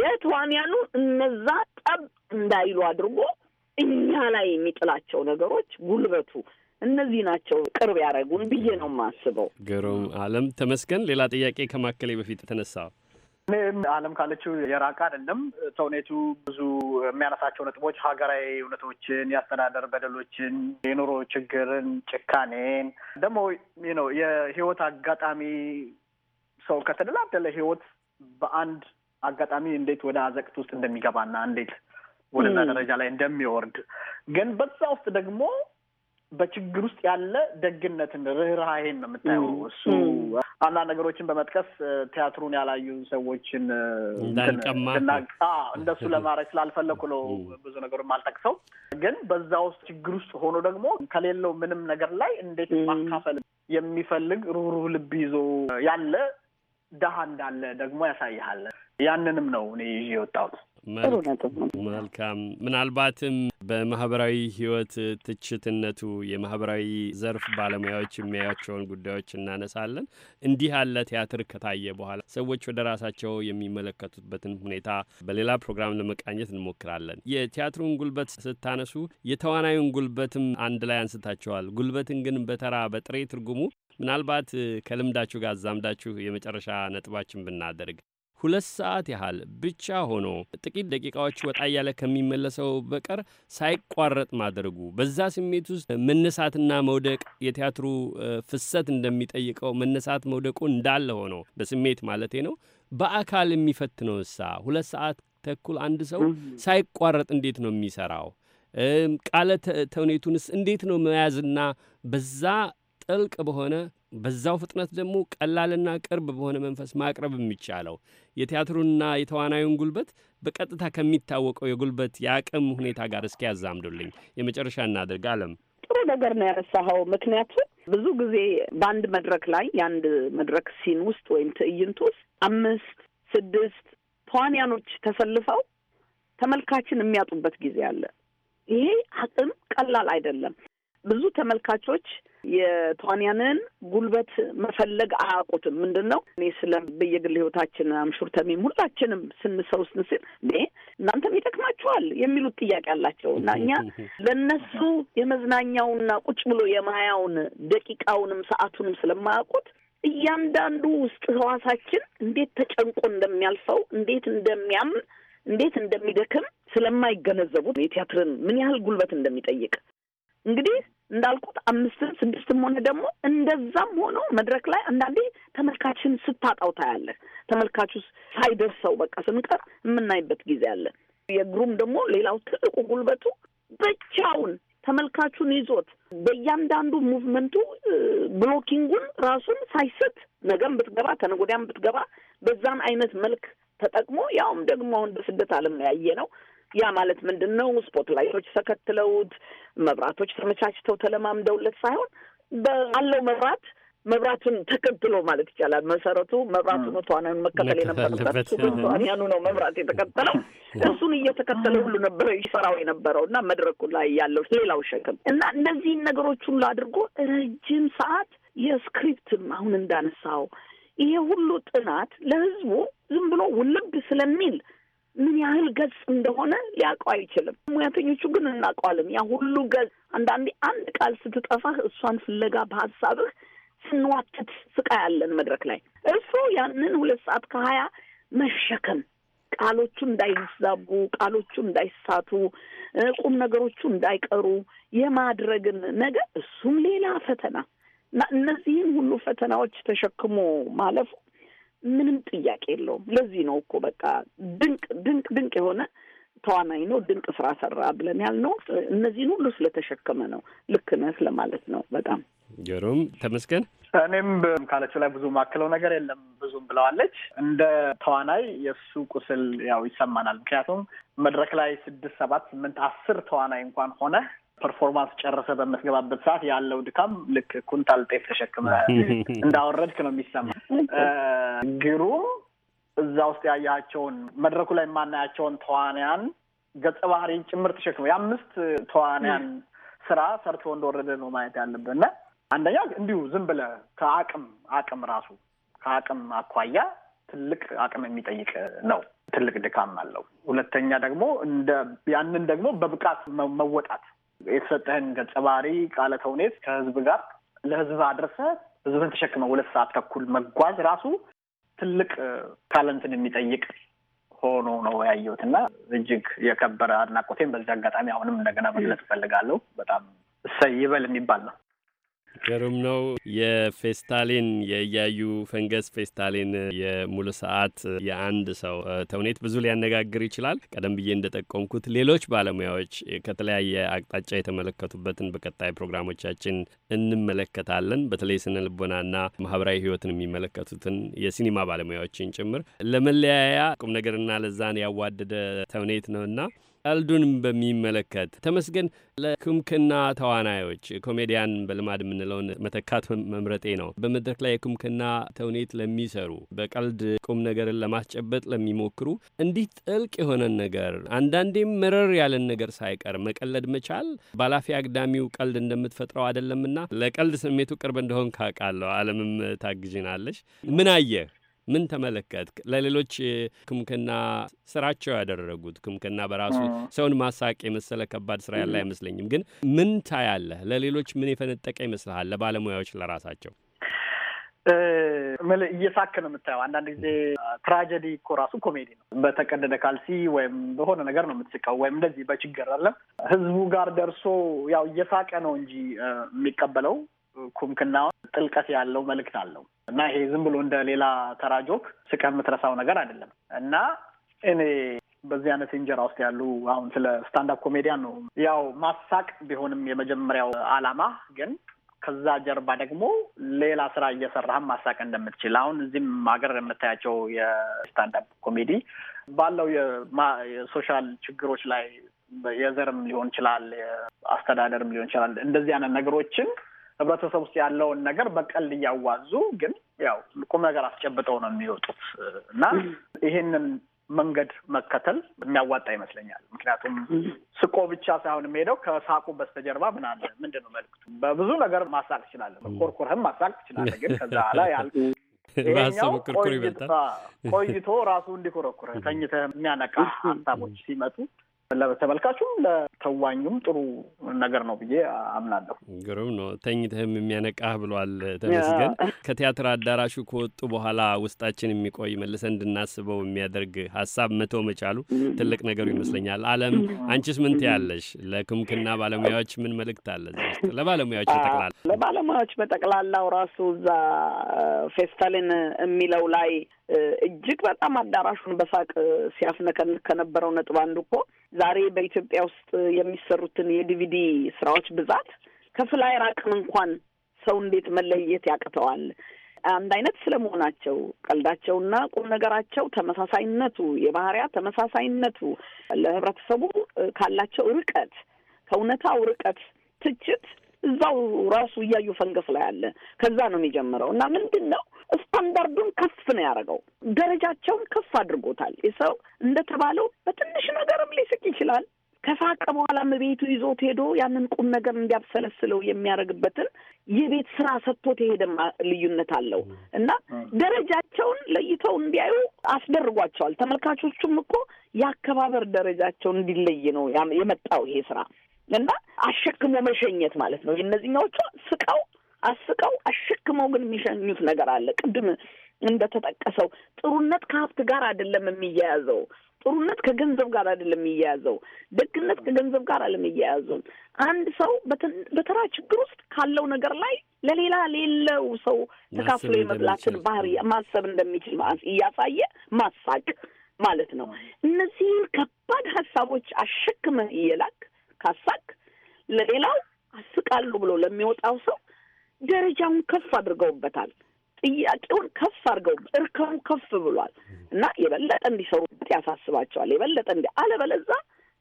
የተዋንያኑ እነዛ ጠብ እንዳይሉ አድርጎ እኛ ላይ የሚጥላቸው ነገሮች ጉልበቱ እነዚህ ናቸው ቅርብ ያደረጉን ብዬ ነው የማስበው። ግሩም አለም ተመስገን ሌላ ጥያቄ ከማከሌ በፊት ተነሳ። እኔም አለም ካለችው የራቀ አይደለም። ተውኔቱ ብዙ የሚያነሳቸው ነጥቦች ሀገራዊ እውነቶችን፣ የአስተዳደር በደሎችን፣ የኑሮ ችግርን፣ ጭካኔን ደግሞ ነው የህይወት አጋጣሚ ሰው ከተደላደለ ህይወት በአንድ አጋጣሚ እንዴት ወደ አዘቅት ውስጥ እንደሚገባና እንዴት ወደዛ ደረጃ ላይ እንደሚወርድ ግን በዛ ውስጥ ደግሞ በችግር ውስጥ ያለ ደግነትን ርኅራኄን ነው የምታየው። እሱ አንዳንድ ነገሮችን በመጥቀስ ቲያትሩን ያላዩ ሰዎችን እንደሱ ለማድረግ ስላልፈለኩ ነው ብዙ ነገሩን የማልጠቅሰው። ግን በዛ ውስጥ ችግር ውስጥ ሆኖ ደግሞ ከሌለው ምንም ነገር ላይ እንዴት ማካፈል የሚፈልግ ሩህሩህ ልብ ይዞ ያለ ድሀ እንዳለ ደግሞ ያሳይሃል። ያንንም ነው እኔ ይዤ የወጣሁት። ጥሩ ነጥብ ነው። መልካም። ምናልባትም በማህበራዊ ህይወት ትችትነቱ የማህበራዊ ዘርፍ ባለሙያዎች የሚያያቸውን ጉዳዮች እናነሳለን። እንዲህ ያለ ቲያትር ከታየ በኋላ ሰዎች ወደ ራሳቸው የሚመለከቱበትን ሁኔታ በሌላ ፕሮግራም ለመቃኘት እንሞክራለን። የቲያትሩን ጉልበት ስታነሱ የተዋናዩን ጉልበትም አንድ ላይ አንስታቸዋል። ጉልበትን ግን በተራ በጥሬ ትርጉሙ ምናልባት ከልምዳችሁ ጋር አዛምዳችሁ የመጨረሻ ነጥባችን ብናደርግ ሁለት ሰዓት ያህል ብቻ ሆኖ ጥቂት ደቂቃዎች ወጣ እያለ ከሚመለሰው በቀር ሳይቋረጥ ማድረጉ በዛ ስሜት ውስጥ መነሳትና መውደቅ የቲያትሩ ፍሰት እንደሚጠይቀው መነሳት መውደቁ እንዳለ ሆኖ በስሜት ማለቴ ነው። በአካል የሚፈትነው እሳ ሁለት ሰዓት ተኩል አንድ ሰው ሳይቋረጥ እንዴት ነው የሚሰራው? ቃለ ተውኔቱንስ እንዴት ነው መያዝና በዛ ጥልቅ በሆነ በዛው ፍጥነት ደግሞ ቀላልና ቅርብ በሆነ መንፈስ ማቅረብ የሚቻለው የቲያትሩና የተዋናዩን ጉልበት በቀጥታ ከሚታወቀው የጉልበት የአቅም ሁኔታ ጋር እስኪ ያዛምዱልኝ። የመጨረሻ እናድርግ። አለም ጥሩ ነገር ነው ያነሳኸው። ምክንያቱም ብዙ ጊዜ በአንድ መድረክ ላይ የአንድ መድረክ ሲን ውስጥ ወይም ትዕይንት ውስጥ አምስት ስድስት ተዋንያኖች ተሰልፈው ተመልካችን የሚያጡበት ጊዜ አለ። ይሄ አቅም ቀላል አይደለም። ብዙ ተመልካቾች የተዋንያንን ጉልበት መፈለግ አያውቁትም። ምንድን ነው እኔ ስለ በየግል ህይወታችን አምሹር ተሚም ሁላችንም ስንሰው ስንስል እናንተም ይጠቅማችኋል የሚሉት ጥያቄ አላቸው እና እኛ ለእነሱ የመዝናኛውንና ቁጭ ብሎ የማያውን ደቂቃውንም ሰዓቱንም ስለማያውቁት እያንዳንዱ ውስጥ ህዋሳችን እንዴት ተጨንቆ እንደሚያልፈው እንዴት እንደሚያም እንዴት እንደሚደክም ስለማይገነዘቡት የቲያትርን ምን ያህል ጉልበት እንደሚጠይቅ እንግዲህ እንዳልኩት አምስትም ስድስትም ሆነ ደግሞ እንደዛም ሆኖ መድረክ ላይ አንዳንዴ ተመልካችን ስታጣው ታያለህ። ተመልካቹ ሳይደርሰው በቃ ስንቀር የምናይበት ጊዜ አለ። የግሩም ደግሞ ሌላው ትልቁ ጉልበቱ ብቻውን ተመልካቹን ይዞት በእያንዳንዱ ሙቭመንቱ ብሎኪንጉን ራሱን ሳይስት ነገም ብትገባ ተነጎዳያም ብትገባ በዛን አይነት መልክ ተጠቅሞ ያውም ደግሞ አሁን በስደት ዓለም ያየ ነው ያ ማለት ምንድን ነው? ስፖት ላይቶች ተከትለውት መብራቶች ተመቻችተው ተለማምደውለት ሳይሆን ባለው መብራት መብራቱን ተከትሎ ማለት ይቻላል። መሰረቱ መብራቱ ነው። ተዋናዩን መከተል የነበረበት ተዋንያኑ ነው መብራት የተከተለው። እሱን እየተከተለ ሁሉ ነበረ ይሰራው የነበረው እና መድረኩ ላይ ያለው ሌላው ሸክም እና እነዚህን ነገሮች ሁሉ አድርጎ ረጅም ሰዓት የስክሪፕትም አሁን እንዳነሳው ይሄ ሁሉ ጥናት ለህዝቡ ዝም ብሎ ውልብ ስለሚል ምን ያህል ገጽ እንደሆነ ሊያውቀው አይችልም። ሙያተኞቹ ግን እናውቀዋለን። ያ ሁሉ ገጽ አንዳንዴ አንድ ቃል ስትጠፋህ እሷን ፍለጋ በሀሳብህ ስንዋትት ስቃ ያለን መድረክ ላይ እሱ ያንን ሁለት ሰዓት ከሀያ መሸከም ቃሎቹ እንዳይዛቡ ቃሎቹ እንዳይሳቱ ቁም ነገሮቹ እንዳይቀሩ የማድረግን ነገር እሱም ሌላ ፈተና እና እነዚህን ሁሉ ፈተናዎች ተሸክሞ ማለፉ ምንም ጥያቄ የለውም። ለዚህ ነው እኮ በቃ ድንቅ ድንቅ ድንቅ የሆነ ተዋናይ ነው። ድንቅ ስራ ሰራ ብለን ያልነው እነዚህን ሁሉ ስለተሸከመ ነው። ልክ ነህ ለማለት ነው። በጣም ግሩም ተመስገን። እኔም ካለችው ላይ ብዙ ማክለው ነገር የለም። ብዙም ብለዋለች። እንደ ተዋናይ የእሱ ቁስል ያው ይሰማናል። ምክንያቱም መድረክ ላይ ስድስት ሰባት ስምንት አስር ተዋናይ እንኳን ሆነ ፐርፎርማንስ ጨርሰ በምትገባበት ሰዓት ያለው ድካም ልክ ኩንታል ጤፍ ተሸክመ <laughs> እንዳወረድክ ነው የሚሰማ። ግሩም እዛ ውስጥ ያያቸውን መድረኩ ላይ የማናያቸውን ተዋንያን ገጸ ባህሪ ጭምር ተሸክመ የአምስት ተዋንያን ስራ ሰርቶ እንደወረደ ነው ማየት ያለብን እና አንደኛ እንዲሁ ዝም ብለ ከአቅም አቅም ራሱ ከአቅም አኳያ ትልቅ አቅም የሚጠይቅ ነው። ትልቅ ድካም አለው። ሁለተኛ ደግሞ እንደ ያንን ደግሞ በብቃት መወጣት የተሰጠህን ገጸ ባህሪ ቃለ ተውኔት ከህዝብ ጋር ለህዝብ አድርሰ ህዝብን ተሸክመ ሁለት ሰዓት ተኩል መጓዝ ራሱ ትልቅ ታለንትን የሚጠይቅ ሆኖ ነው ያየሁት እና እጅግ የከበረ አድናቆቴን በዚህ አጋጣሚ አሁንም እንደገና መግለጽ እፈልጋለሁ። በጣም እሰይ ይበል የሚባል ነው። ግሩም ነው። የፌስታሊን የእያዩ ፈንገስ ፌስታሊን የሙሉ ሰዓት የአንድ ሰው ተውኔት ብዙ ሊያነጋግር ይችላል። ቀደም ብዬ እንደጠቆምኩት ሌሎች ባለሙያዎች ከተለያየ አቅጣጫ የተመለከቱበትን በቀጣይ ፕሮግራሞቻችን እንመለከታለን። በተለይ ስነ ልቦናና ማህበራዊ ሕይወትን የሚመለከቱትን የሲኒማ ባለሙያዎችን ጭምር ለመለያያ ቁም ነገርና ለዛን ያዋደደ ተውኔት ነውና ቀልዱን በሚመለከት ተመስገን፣ ለክምክና ተዋናዮች ኮሜዲያን በልማድ የምንለውን መተካት መምረጤ ነው። በመድረክ ላይ የክምክና ተውኔት ለሚሰሩ በቀልድ ቁም ነገርን ለማስጨበጥ ለሚሞክሩ እንዲህ ጥልቅ የሆነን ነገር አንዳንዴም መረር ያለን ነገር ሳይቀር መቀለድ መቻል ባላፊ አግዳሚው ቀልድ እንደምትፈጥረው አይደለምና ለቀልድ ስሜቱ ቅርብ እንደሆን ካቃለሁ። አለምም ታግዥናለሽ። ምን አየህ? ምን ተመለከትክ? ለሌሎች ክምክና ስራቸው ያደረጉት ክምክና በራሱ ሰውን ማሳቅ የመሰለ ከባድ ስራ ያለ አይመስለኝም። ግን ምን ታያለህ? ለሌሎች ምን የፈነጠቀ ይመስልሃል? ለባለሙያዎች ለራሳቸው እየሳክ ነው የምታየው። አንዳንድ ጊዜ ትራጀዲ እኮ ራሱ ኮሜዲ ነው። በተቀደደ ካልሲ ወይም በሆነ ነገር ነው የምትስቀው፣ ወይም እንደዚህ በችግር አለ ህዝቡ ጋር ደርሶ ያው እየሳቀ ነው እንጂ የሚቀበለው ኩምክና ጥልቀት ያለው መልእክት አለው እና ይሄ ዝም ብሎ እንደ ሌላ ተራጆክ ስቀ የምትረሳው ነገር አይደለም እና እኔ በዚህ አይነት እንጀራ ውስጥ ያሉ አሁን ስለ ስታንዳፕ ኮሜዲያን ነው ያው ማሳቅ ቢሆንም የመጀመሪያው አላማ ግን ከዛ ጀርባ ደግሞ ሌላ ስራ እየሰራህም ማሳቅ እንደምትችል አሁን እዚህም ሀገር የምታያቸው የስታንዳፕ ኮሜዲ ባለው የሶሻል ችግሮች ላይ የዘርም ሊሆን ይችላል፣ አስተዳደርም ሊሆን ይችላል። እንደዚህ አይነት ነገሮችን ህብረተሰብ ውስጥ ያለውን ነገር በቀል እያዋዙ ግን ያው ቁም ነገር አስጨብጠው ነው የሚወጡት እና ይሄንን መንገድ መከተል የሚያዋጣ ይመስለኛል። ምክንያቱም ስቆ ብቻ ሳይሆን የሚሄደው ከሳቁ በስተጀርባ ምናለ አለ፣ ምንድን ነው መልዕክቱ? በብዙ ነገር ማሳቅ ትችላለ፣ በኮርኮርህም ማሳቅ ትችላለ። ግን ከዛ ላ ያል <laughs> ይሄኛው ቆይቶ ራሱ እንዲኮረኩረ ተኝተህ የሚያነቃ ሀሳቦች ሲመጡ ለተመልካቹም ለተዋኙም ጥሩ ነገር ነው ብዬ አምናለሁ። ግሩም ነው። ተኝትህም የሚያነቃህ ብሏል ተመስገን። ከቲያትር አዳራሹ ከወጡ በኋላ ውስጣችን የሚቆይ መልሰን እንድናስበው የሚያደርግ ሀሳብ መቶ መቻሉ ትልቅ ነገሩ ይመስለኛል። አለም አንቺስ ምን ትያለሽ? ለክምክና ባለሙያዎች ምን መልእክት አለ? ለባለሙያዎች በጠቅላላ ለባለሙያዎች በጠቅላላው ራሱ እዛ ፌስታሊን የሚለው ላይ እጅግ በጣም አዳራሹን በሳቅ ሲያፍነከን ከነበረው ነጥብ አንዱ እኮ ዛሬ በኢትዮጵያ ውስጥ የሚሰሩትን የዲቪዲ ስራዎች ብዛት ከፍላ የራቅን እንኳን ሰው እንዴት መለየት ያቅተዋል? አንድ አይነት ስለመሆናቸው ቀልዳቸውና ቁም ነገራቸው ተመሳሳይነቱ፣ የባህሪያ ተመሳሳይነቱ ለህብረተሰቡ ካላቸው ርቀት ከእውነታው ርቀት ትችት እዛው ራሱ እያዩ ፈንገስ ላይ አለ። ከዛ ነው የሚጀምረው እና ምንድን ነው ስታንዳርዱን ከፍ ነው ያደረገው፣ ደረጃቸውን ከፍ አድርጎታል። የሰው እንደተባለው በትንሽ ነገርም ሊስቅ ይችላል። ከሳቀ በኋላም ቤቱ ይዞት ሄዶ ያንን ቁም ነገር እንዲያብሰለስለው የሚያደርግበትን የቤት ስራ ሰጥቶት የሄደ ልዩነት አለው እና ደረጃቸውን ለይተው እንዲያዩ አስደርጓቸዋል። ተመልካቾቹም እኮ የአከባበር ደረጃቸውን እንዲለይ ነው የመጣው ይሄ ስራ። እና አሸክሞ መሸኘት ማለት ነው። የእነዚህኛዎቹ ስቀው አስቀው አሸክመው ግን የሚሸኙት ነገር አለ። ቅድም እንደተጠቀሰው ጥሩነት ከሀብት ጋር አይደለም የሚያያዘው። ጥሩነት ከገንዘብ ጋር አይደለም የሚያያዘው። ደግነት ከገንዘብ ጋር አለመያያዙም አንድ ሰው በተራ ችግር ውስጥ ካለው ነገር ላይ ለሌላ ሌለው ሰው ተካፍሎ የመብላትን ባህሪ ማሰብ እንደሚችል እያሳየ ማሳቅ ማለት ነው። እነዚህን ከባድ ሀሳቦች አሸክመህ እየላክ ካሳክ ለሌላው አስቃሉ ብሎ ለሚወጣው ሰው ደረጃውን ከፍ አድርገውበታል። ጥያቄውን ከፍ አድርገው እርከቡ ከፍ ብሏል እና የበለጠ እንዲሰሩበት ያሳስባቸዋል። የበለጠ እንዲ አለበለዛ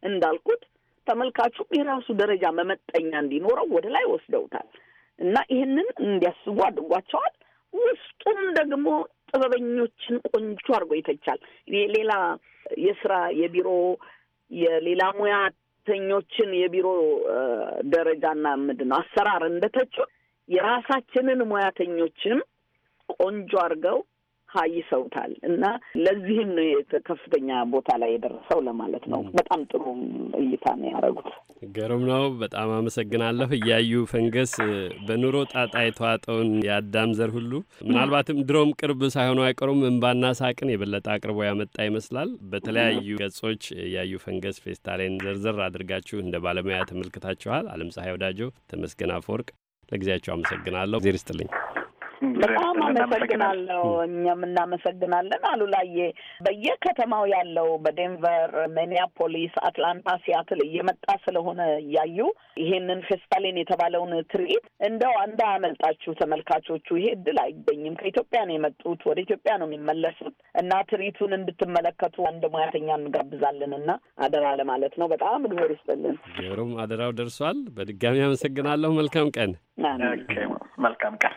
እንዳልኩት ተመልካቹም የራሱ ደረጃ መመጠኛ እንዲኖረው ወደ ላይ ወስደውታል እና ይህንን እንዲያስቡ አድርጓቸዋል። ውስጡም ደግሞ ጥበበኞችን ቆንጆ አድርጎ ይተቻል። ሌላ የስራ የቢሮ የሌላ ሙያ የሰራተኞችን የቢሮ ደረጃና ምንድን ነው አሰራር እንደተጩ የራሳችንን ሙያተኞችም ቆንጆ አድርገው አይሰውታል እና ለዚህም ነው ከፍተኛ ቦታ ላይ የደረሰው ለማለት ነው። በጣም ጥሩ እይታ ነው ያደረጉት። ግሩም ነው። በጣም አመሰግናለሁ። እያዩ ፈንገስ በኑሮ ጣጣ የተዋጠውን የአዳም ዘር ሁሉ ምናልባትም ድሮም ቅርብ ሳይሆኑ አይቀሩም እንባና ሳቅን የበለጠ አቅርቦ ያመጣ ይመስላል። በተለያዩ ገጾች እያዩ ፈንገስ ፌስታሌን ዘርዘር አድርጋችሁ እንደ ባለሙያ ተመልክታችኋል። አለም ፀሐይ ወዳጆ፣ ተመስገን አፈወርቅ ለጊዜያቸው አመሰግናለሁ። ዜር ይስጥልኝ። በጣም አመሰግናለሁ። እኛም እናመሰግናለን አሉላዬ። በየከተማው ያለው በዴንቨር፣ ሚኒያፖሊስ፣ አትላንታ፣ ሲያትል እየመጣ ስለሆነ እያዩ ይሄንን ፌስታሊን የተባለውን ትርኢት እንደው እንዳያመልጣችሁ ተመልካቾቹ። ይሄ እድል አይገኝም። ከኢትዮጵያ ነው የመጡት፣ ወደ ኢትዮጵያ ነው የሚመለሱት እና ትርኢቱን እንድትመለከቱ አንድ ሙያተኛ እንጋብዛለን እና አደራ ለማለት ነው። በጣም እግዜር ይስጥልን። ሮም አደራው ደርሷል። በድጋሚ አመሰግናለሁ። መልካም ቀን። መልካም ቀን።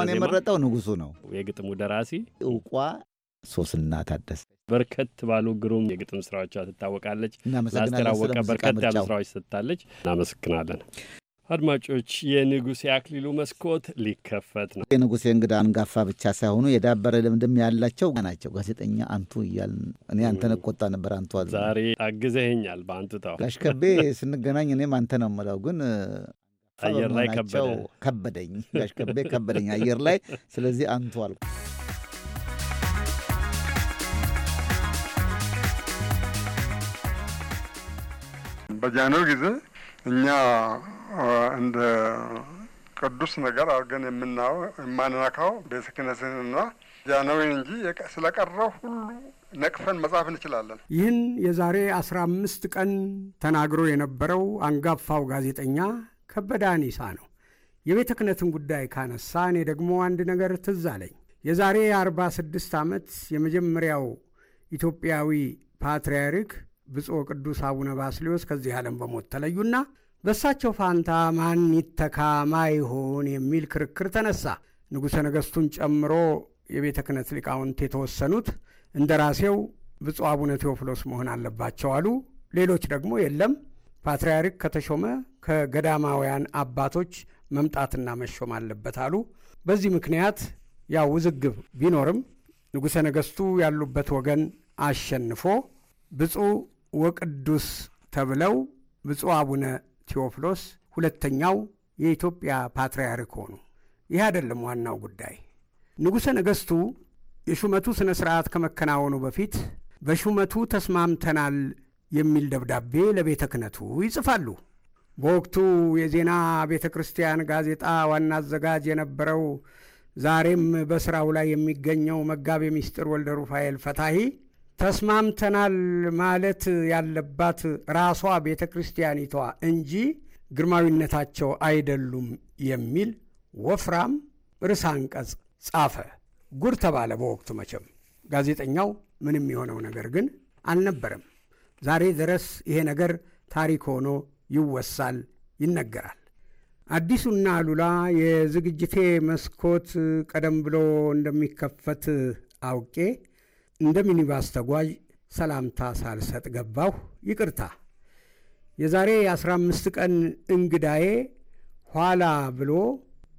ሙዚቃውን የመረጠው ንጉሱ ነው። የግጥሙ ደራሲ እውቋ ሶስና ታደሰ በርከት ባሉ ግሩም የግጥም ስራዎቿ ትታወቃለች። ላስተራወቀ በርከት ያሉ ስራዎች ሰጥታለች። እናመሰግናለን። አድማጮች፣ የንጉሴ አክሊሉ መስኮት ሊከፈት ነው። የንጉሴ እንግዳ አንጋፋ ብቻ ሳይሆኑ የዳበረ ልምድም ያላቸው ናቸው። ጋዜጠኛ አንቱ እያል እኔ አንተን እቆጣ ነበር። አንቱ ዛሬ አግዘኸኛል። በአንቱ ታው ጋሽ ከቤ ስንገናኝ እኔም አንተ ነው የምለው ግን አየር ላይ ከበደኝ ጋሽ ከበደ ከበደኝ አየር ላይ ስለዚህ አንቱ አልኩ። በጃነው ጊዜ እኛ እንደ ቅዱስ ነገር አድርገን የምናው የማንነካው ቤተ ክህነትንና ጃነዊን እንጂ ስለቀረው ሁሉ ነቅፈን መጻፍ እንችላለን። ይህን የዛሬ አስራ አምስት ቀን ተናግሮ የነበረው አንጋፋው ጋዜጠኛ ከበደ አኒሳ ነው። የቤተ ክህነትን ጉዳይ ካነሳ እኔ ደግሞ አንድ ነገር ትዝ አለኝ። የዛሬ 46 ዓመት የመጀመሪያው ኢትዮጵያዊ ፓትርያርክ ብፁዕ ቅዱስ አቡነ ባስልዮስ ከዚህ ዓለም በሞት ተለዩና በእሳቸው ፋንታ ማን ይተካማ ይሆን የሚል ክርክር ተነሳ። ንጉሠ ነገሥቱን ጨምሮ የቤተ ክህነት ሊቃውንት የተወሰኑት እንደራሴው ብፁዕ አቡነ ቴዎፍሎስ መሆን አለባቸው አሉ። ሌሎች ደግሞ የለም ፓትርያርክ ከተሾመ ከገዳማውያን አባቶች መምጣትና መሾም አለበት አሉ። በዚህ ምክንያት ያው ውዝግብ ቢኖርም ንጉሠ ነገሥቱ ያሉበት ወገን አሸንፎ ብፁዕ ወቅዱስ ተብለው ብፁዕ አቡነ ቴዎፍሎስ ሁለተኛው የኢትዮጵያ ፓትርያርክ ሆኑ። ይህ አይደለም ዋናው ጉዳይ። ንጉሠ ነገሥቱ የሹመቱ ሥነ ሥርዓት ከመከናወኑ በፊት በሹመቱ ተስማምተናል የሚል ደብዳቤ ለቤተ ክህነቱ ይጽፋሉ። በወቅቱ የዜና ቤተ ክርስቲያን ጋዜጣ ዋና አዘጋጅ የነበረው ዛሬም በስራው ላይ የሚገኘው መጋቤ ምስጢር ወልደ ሩፋኤል ፈታሂ ተስማምተናል ማለት ያለባት ራሷ ቤተ ክርስቲያኒቷ እንጂ ግርማዊነታቸው አይደሉም የሚል ወፍራም ርዕሰ አንቀጽ ጻፈ። ጉድ ተባለ። በወቅቱ መቼም ጋዜጠኛው ምንም የሆነው ነገር ግን አልነበረም። ዛሬ ድረስ ይሄ ነገር ታሪክ ሆኖ ይወሳል፣ ይነገራል። አዲሱና አሉላ የዝግጅቴ መስኮት ቀደም ብሎ እንደሚከፈት አውቄ እንደ ሚኒባስ ተጓዥ ሰላምታ ሳልሰጥ ገባሁ። ይቅርታ። የዛሬ 15 ቀን እንግዳዬ ኋላ ብሎ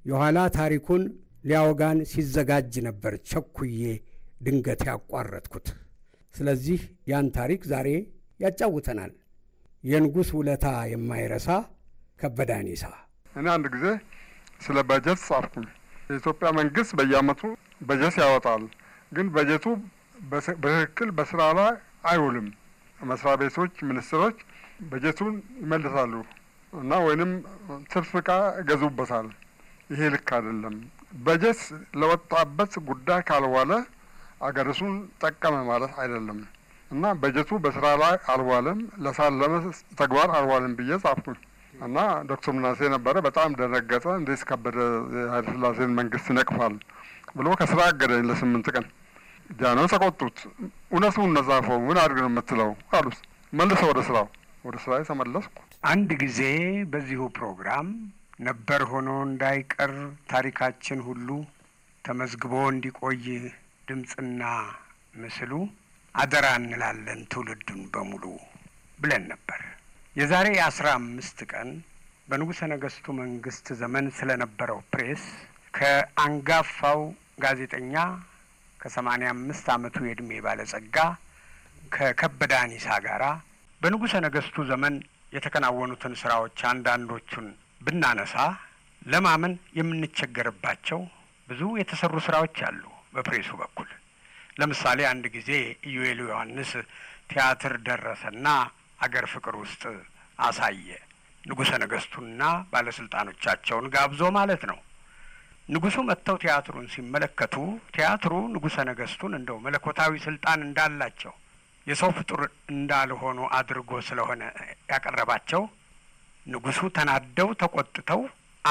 የኋላ ታሪኩን ሊያወጋን ሲዘጋጅ ነበር ቸኩዬ ድንገት ያቋረጥኩት። ስለዚህ ያን ታሪክ ዛሬ ያጫውተናል። የንጉሥ ውለታ የማይረሳ ከበደ አኒሳ። እኔ አንድ ጊዜ ስለ በጀት ጻፍኩኝ። የኢትዮጵያ መንግስት በየአመቱ በጀት ያወጣል፣ ግን በጀቱ በትክክል በስራ ላይ አይውልም። መስሪያ ቤቶች፣ ሚኒስትሮች በጀቱን ይመልሳሉ እና ወይንም ትርፍ እቃ ይገዙበታል። ይሄ ልክ አይደለም። በጀት ለወጣበት ጉዳይ ካልዋለ አገርሱን ጠቀመ ማለት አይደለም። እና በጀቱ በስራ ላይ አልዋለም፣ ለሳለመ ተግባር አልዋለም ብዬ ጻፍኩኝ እና ዶክተር ምናሴ ነበረ በጣም ደነገጠ። እንዴት ከበደ የኃይለሥላሴን መንግስት ይነቅፋል ብሎ ከስራ አገደኝ ለስምንት ቀን። ጃነው ተቆጡት። እውነቱ ነው ጻፈው፣ ምን አድርግ ነው የምትለው አሉት። መልሰ ወደ ስራው ወደ ስራ ተመለስኩ። አንድ ጊዜ በዚሁ ፕሮግራም ነበር ሆኖ እንዳይቀር ታሪካችን ሁሉ ተመዝግቦ እንዲቆይ ድምፅና ምስሉ አደራ እንላለን ትውልዱን በሙሉ ብለን ነበር። የዛሬ አስራ አምስት ቀን በንጉሠ ነገሥቱ መንግስት ዘመን ስለ ነበረው ፕሬስ ከአንጋፋው ጋዜጠኛ ከሰማኒያ አምስት አመቱ የእድሜ ባለጸጋ ከከበደ አኒሳ ጋር በንጉሠ ነገሥቱ ዘመን የተከናወኑትን ስራዎች አንዳንዶቹን ብናነሳ ለማመን የምንቸገርባቸው ብዙ የተሰሩ ስራዎች አሉ በፕሬሱ በኩል ለምሳሌ አንድ ጊዜ ኢዩኤል ዮሐንስ ቲያትር ደረሰና አገር ፍቅር ውስጥ አሳየ። ንጉሠ ነገሥቱና ባለስልጣኖቻቸውን ጋብዞ ማለት ነው። ንጉሡ መጥተው ቲያትሩን ሲመለከቱ ቲያትሩ ንጉሠ ነገሥቱን እንደው መለኮታዊ ስልጣን እንዳላቸው የሰው ፍጡር እንዳልሆኑ አድርጎ ስለሆነ ያቀረባቸው ንጉሡ ተናደው ተቆጥተው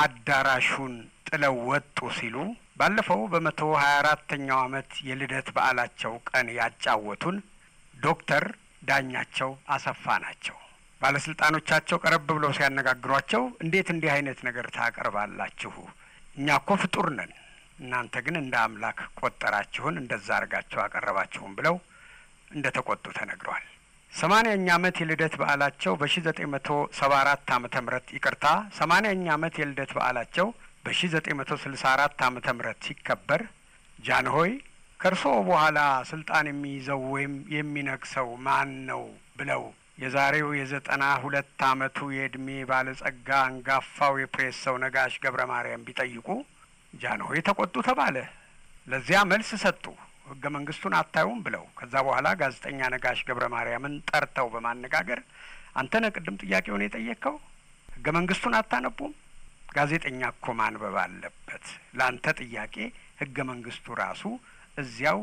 አዳራሹን ጥለው ወጡ ሲሉ ባለፈው በመቶ ሀያ አራተኛው ዓመት የልደት በዓላቸው ቀን ያጫወቱን ዶክተር ዳኛቸው አሰፋ ናቸው። ባለስልጣኖቻቸው ቀረብ ብለው ሲያነጋግሯቸው እንዴት እንዲህ አይነት ነገር ታቀርባላችሁ? እኛ እኮ ፍጡር ነን፣ እናንተ ግን እንደ አምላክ ቆጠራችሁን፣ እንደዛ አርጋችሁ አቀረባችሁም ብለው እንደ ተቆጡ ተነግሯል። ሰማንያኛ ዓመት የልደት በዓላቸው በ ዘጠኝ መቶ ሰባ አራት አመተ ምህረት ይቅርታ፣ ሰማንያኛ ዓመት የልደት በዓላቸው በ1964 ዓመተ ምህረት ሲከበር ጃንሆይ ከእርስዎ በኋላ ስልጣን የሚይዘው ወይም የሚነግሰው ማን ነው ብለው የዛሬው የዘጠና ሁለት አመቱ የዕድሜ ባለጸጋ አንጋፋው የፕሬስ ሰው ነጋሽ ገብረ ማርያም ቢጠይቁ ጃንሆይ ተቆጡ ተባለ። ለዚያ መልስ ሰጡ። ህገ መንግስቱን አታዩም ብለው ከዛ በኋላ ጋዜጠኛ ነጋሽ ገብረ ማርያምን ጠርተው በማነጋገር አንተነ ቅድም ጥያቄውን የጠየቅከው ህገ መንግስቱን አታነቡም ጋዜጠኛ እኮ ማንበብ አለበት። ለአንተ ጥያቄ ህገ መንግስቱ ራሱ እዚያው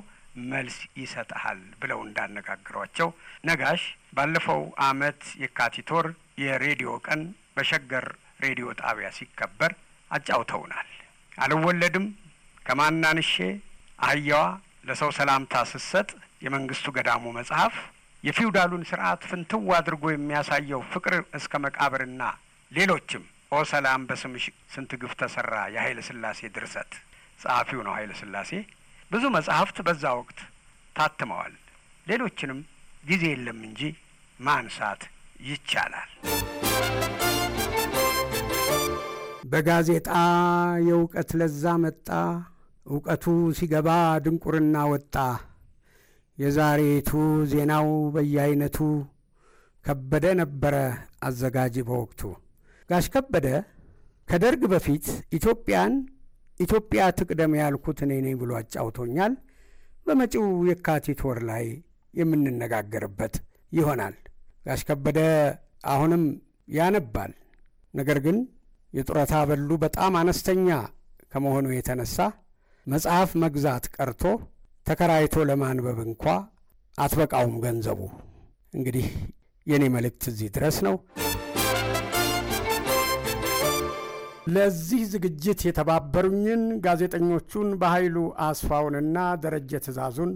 መልስ ይሰጥሃል ብለው እንዳነጋግሯቸው ነጋሽ ባለፈው አመት የካቲት ወር የሬዲዮ ቀን በሸገር ሬዲዮ ጣቢያ ሲከበር አጫውተውናል። አልወለድም ከማናንሼ አህያዋ ለሰው ሰላምታ ስትሰጥ የመንግስቱ ገዳሙ መጽሐፍ የፊውዳሉን ስርዓት ፍንትው አድርጎ የሚያሳየው ፍቅር እስከ መቃብርና ሌሎችም ኦ ሰላም በስምሽ ስንት ግፍ ተሰራ የኃይለ ስላሴ ድርሰት ጸሐፊው ነው ኃይለ ስላሴ ብዙ መጽሐፍት በዛ ወቅት ታትመዋል። ሌሎችንም ጊዜ የለም እንጂ ማንሳት ይቻላል። በጋዜጣ የእውቀት ለዛ መጣ፣ እውቀቱ ሲገባ ድንቁርና ወጣ። የዛሬቱ ዜናው በየአይነቱ ከበደ ነበረ አዘጋጅ በወቅቱ ጋሽ ከበደ ከደርግ በፊት ኢትዮጵያን ኢትዮጵያ ትቅደም ያልኩት እኔ ነኝ ብሎ አጫውቶኛል። በመጪው የካቲት ወር ላይ የምንነጋገርበት ይሆናል። ጋሽ ከበደ አሁንም ያነባል። ነገር ግን የጡረታ በሉ በጣም አነስተኛ ከመሆኑ የተነሳ መጽሐፍ መግዛት ቀርቶ ተከራይቶ ለማንበብ እንኳ አትበቃውም ገንዘቡ። እንግዲህ የእኔ መልእክት እዚህ ድረስ ነው። ለዚህ ዝግጅት የተባበሩኝን ጋዜጠኞቹን በኃይሉ አስፋውንና ደረጀ ትእዛዙን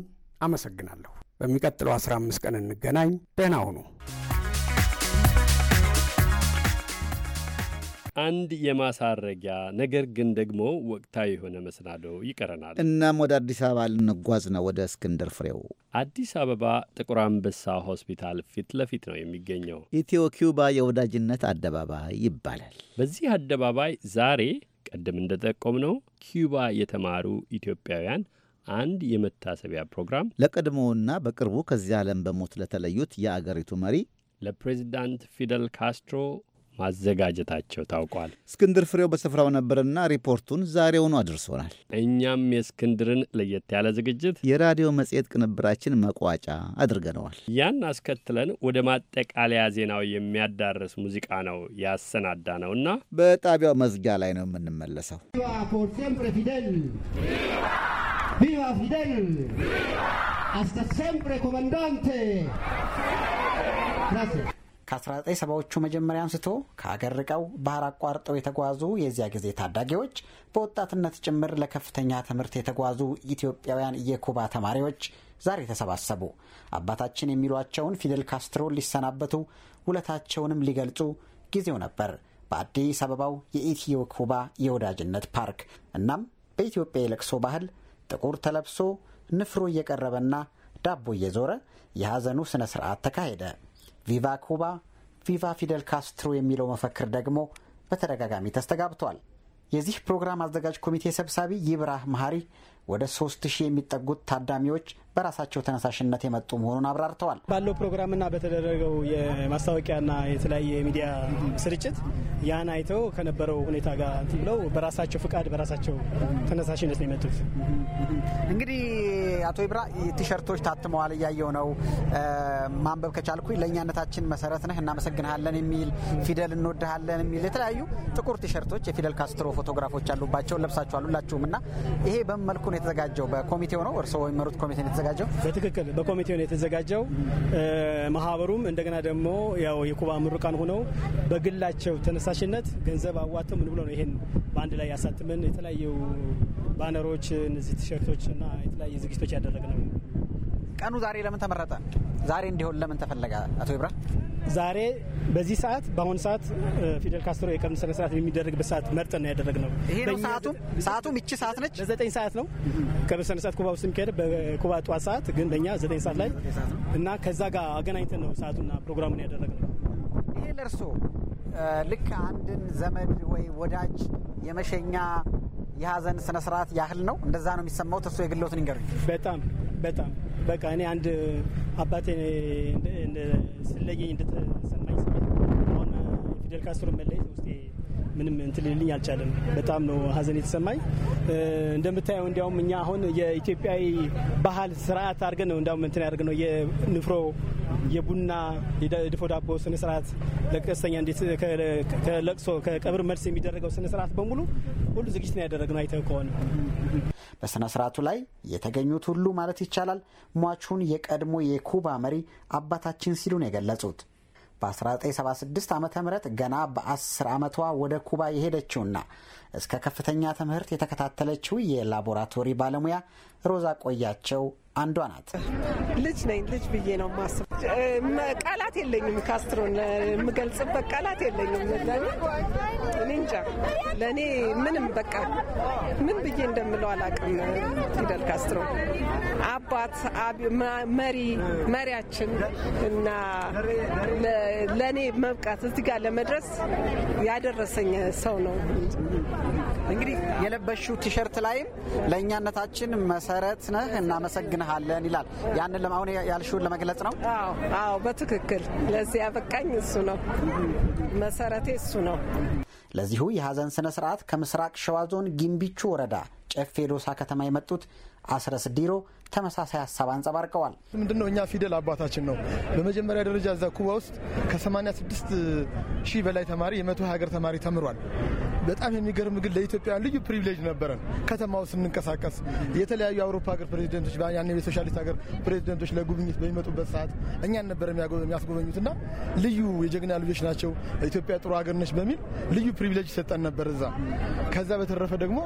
አመሰግናለሁ። በሚቀጥለው 15 ቀን እንገናኝ። ደህና ሁኑ። አንድ የማሳረጊያ ነገር ግን ደግሞ ወቅታዊ የሆነ መሰናዶ ይቀረናል። እናም ወደ አዲስ አበባ ልንጓዝ ነው። ወደ እስክንድር ፍሬው። አዲስ አበባ ጥቁር አንበሳ ሆስፒታል ፊት ለፊት ነው የሚገኘው። ኢትዮ ኪውባ የወዳጅነት አደባባይ ይባላል። በዚህ አደባባይ ዛሬ ቀደም እንደጠቆም ነው ኪውባ የተማሩ ኢትዮጵያውያን አንድ የመታሰቢያ ፕሮግራም ለቀድሞውና በቅርቡ ከዚህ ዓለም በሞት ለተለዩት የአገሪቱ መሪ ለፕሬዚዳንት ፊደል ካስትሮ ማዘጋጀታቸው ታውቋል። እስክንድር ፍሬው በስፍራው ነበርና ሪፖርቱን ዛሬውኑ አድርሶናል። እኛም የእስክንድርን ለየት ያለ ዝግጅት የራዲዮ መጽሔት ቅንብራችን መቋጫ አድርገነዋል። ያን አስከትለን ወደ ማጠቃለያ ዜናው የሚያዳርስ ሙዚቃ ነው ያሰናዳ ነውና በጣቢያው መዝጊያ ላይ ነው የምንመለሰው። ቪቫ ፊደል ኮመንዳንቴ ከ1970ዎቹ መጀመሪያ አንስቶ ከሀገር ርቀው ባህር አቋርጠው የተጓዙ የዚያ ጊዜ ታዳጊዎች፣ በወጣትነት ጭምር ለከፍተኛ ትምህርት የተጓዙ ኢትዮጵያውያን የኩባ ተማሪዎች ዛሬ ተሰባሰቡ። አባታችን የሚሏቸውን ፊደል ካስትሮ ሊሰናበቱ ውለታቸውንም ሊገልጹ ጊዜው ነበር በአዲስ አበባው የኢትዮ ኩባ የወዳጅነት ፓርክ። እናም በኢትዮጵያ የለቅሶ ባህል ጥቁር ተለብሶ ንፍሮ እየቀረበና ዳቦ እየዞረ የሐዘኑ ስነ ስርዓት ተካሄደ። ቪቫ ኩባ፣ ቪቫ ፊደል ካስትሮ የሚለው መፈክር ደግሞ በተደጋጋሚ ተስተጋብቷል። የዚህ ፕሮግራም አዘጋጅ ኮሚቴ ሰብሳቢ ይብራህ መሀሪ ወደ ሶስት ሺህ የሚጠጉት ታዳሚዎች በራሳቸው ተነሳሽነት የመጡ መሆኑን አብራርተዋል። ባለው ፕሮግራምና በተደረገው የማስታወቂያና የተለያየ የሚዲያ ስርጭት ያን አይተው ከነበረው ሁኔታ ጋር ብለው በራሳቸው ፍቃድ በራሳቸው ተነሳሽነት ነው የመጡት። እንግዲህ አቶ ይብራ ቲሸርቶች ታትመዋል፣ እያየው ነው። ማንበብ ከቻልኩ ለእኛነታችን መሰረት ነህ፣ እናመሰግንሃለን የሚል ፊደል እንወድሃለን የሚል የተለያዩ ጥቁር ቲሸርቶች የፊደል ካስትሮ ፎቶግራፎች አሉባቸው ለብሳችኋል ሁላችሁም እና ይሄ በምን መልኩ ነው የተዘጋጀው? በኮሚቴው ነው እርስዎ የሚመሩት ኮሚቴ ነው የተዘጋጀው? በትክክል በኮሚቴው ነው የተዘጋጀው። ማህበሩም እንደገና ደግሞ ያው የኩባ ምሩቃን ሆነው በግላቸው ተነሳሽነት ገንዘብ አዋተው ምን ብሎ ነው ይሄን በአንድ ላይ ያሳትመን የተለያዩ ባነሮች፣ እነዚህ ቲሸርቶች እና የተለያዩ ዝግጅቶች ያደረግ ነው ቀኑ ዛሬ ለምን ተመረጠ? ዛሬ እንዲሆን ለምን ተፈለገ? አቶ ይብራ ዛሬ በዚህ ሰዓት በአሁኑ ሰዓት ፊደል ካስትሮ የቀብር ስነ ስርዓት የሚደረግበት ሰዓት መርጠን ነው ያደረግነው። ይሄ ነው ሰዓቱም ሰዓቱም ይቺ ሰዓት ነች። በዘጠኝ ሰዓት ነው ቀብር ስነ ስርዓት ኩባ ውስጥ የሚካሄድ በኩባ ጠዋት ሰዓት ግን በእኛ ዘጠኝ ሰዓት ላይ እና ከዛ ጋር አገናኝተን ነው ሰዓቱና ፕሮግራሙን ያደረግ ነው። ይሄ ለእርስዎ ልክ አንድን ዘመድ ወይ ወዳጅ የመሸኛ የሀዘን ስነስርዓት ያህል ነው። እንደዛ ነው የሚሰማውት። እርሱ የግለውትን ይንገሩኝ። በጣም በጣም በቃ እኔ አንድ አባቴ ስለየኝ እንደተሰማኝ ስሜት ፊደል ካስትሮ መለየት ውስጤ ምንም እንትልልኝ አልቻለም። በጣም ነው ሀዘን የተሰማኝ። እንደምታየው እንዲያውም እኛ አሁን የኢትዮጵያዊ ባህል ስርዓት አድርገን ነው እንዲያውም እንትን ያደርግ ነው የንፍሮ የቡና የድፎ ዳቦ ስነስርዓት ለቀስተኛ እንዴት ከለቅሶ ከቀብር መልስ የሚደረገው ስነስርዓት በሙሉ ሁሉ ዝግጅት ነው ያደረግ ነው። አይተው ከሆነ በስነ ስርዓቱ ላይ የተገኙት ሁሉ ማለት ይቻላል ሟቹን የቀድሞ የኩባ መሪ አባታችን ሲሉ ነው የገለጹት። በ1976 ዓ ም ገና በ10 ዓመቷ ወደ ኩባ የሄደችውና እስከ ከፍተኛ ትምህርት የተከታተለችው የላቦራቶሪ ባለሙያ ሮዛ ቆያቸው አንዷ ናት። ልጅ ነኝ ልጅ ብዬ ነው ማስብ። ቃላት የለኝም፣ ካስትሮን የምገልጽበት ቃላት የለኝም። እኔ እንጃ ለእኔ ምንም በቃ ምን ብዬ እንደምለው አላቅም ፊደል ካስትሮ አባት፣ መሪ፣ መሪያችን እና ለእኔ መብቃት እዚህ ጋር ለመድረስ ያደረሰኝ ሰው ነው። እንግዲህ የለበሽው ቲሸርት ላይም ለእኛነታችን መሰረት ነህ፣ እናመሰግንሃለን ይላል። ያንን ለማሁን ያልሽውን ለመግለጽ ነው። አዎ በትክክል ለዚህ ያበቃኝ እሱ ነው፣ መሰረቴ እሱ ነው። ለዚሁ የሀዘን ስነ ስርዓት ከምስራቅ ሸዋ ዞን ጊምቢቹ ወረዳ ጨፌ ዶሳ ከተማ የመጡት አስረስ ዲሮ ተመሳሳይ ሀሳብ አንጸባርቀዋል። ምንድነው እኛ ፊደል አባታችን ነው። በመጀመሪያ ደረጃ እዛ ኩባ ውስጥ ከ86 ሺህ በላይ ተማሪ የመቶ ሀገር ተማሪ ተምሯል። በጣም የሚገርም ግን ለኢትዮጵያውያን ልዩ ፕሪቪሌጅ ነበረን። ከተማ ውስጥ ስንንቀሳቀስ የተለያዩ የአውሮፓ ሀገር ፕሬዚደንቶች ያኔ የሶሻሊስት ሀገር ፕሬዚደንቶች ለጉብኝት በሚመጡበት ሰዓት እኛን ነበር የሚያስጎበኙትና ልዩ የጀግና ልጆች ናቸው፣ ኢትዮጵያ ጥሩ ሀገር ነች በሚል ልዩ ፕሪቪሌጅ ይሰጠን ነበር እዛ። ከዛ በተረፈ ደግሞ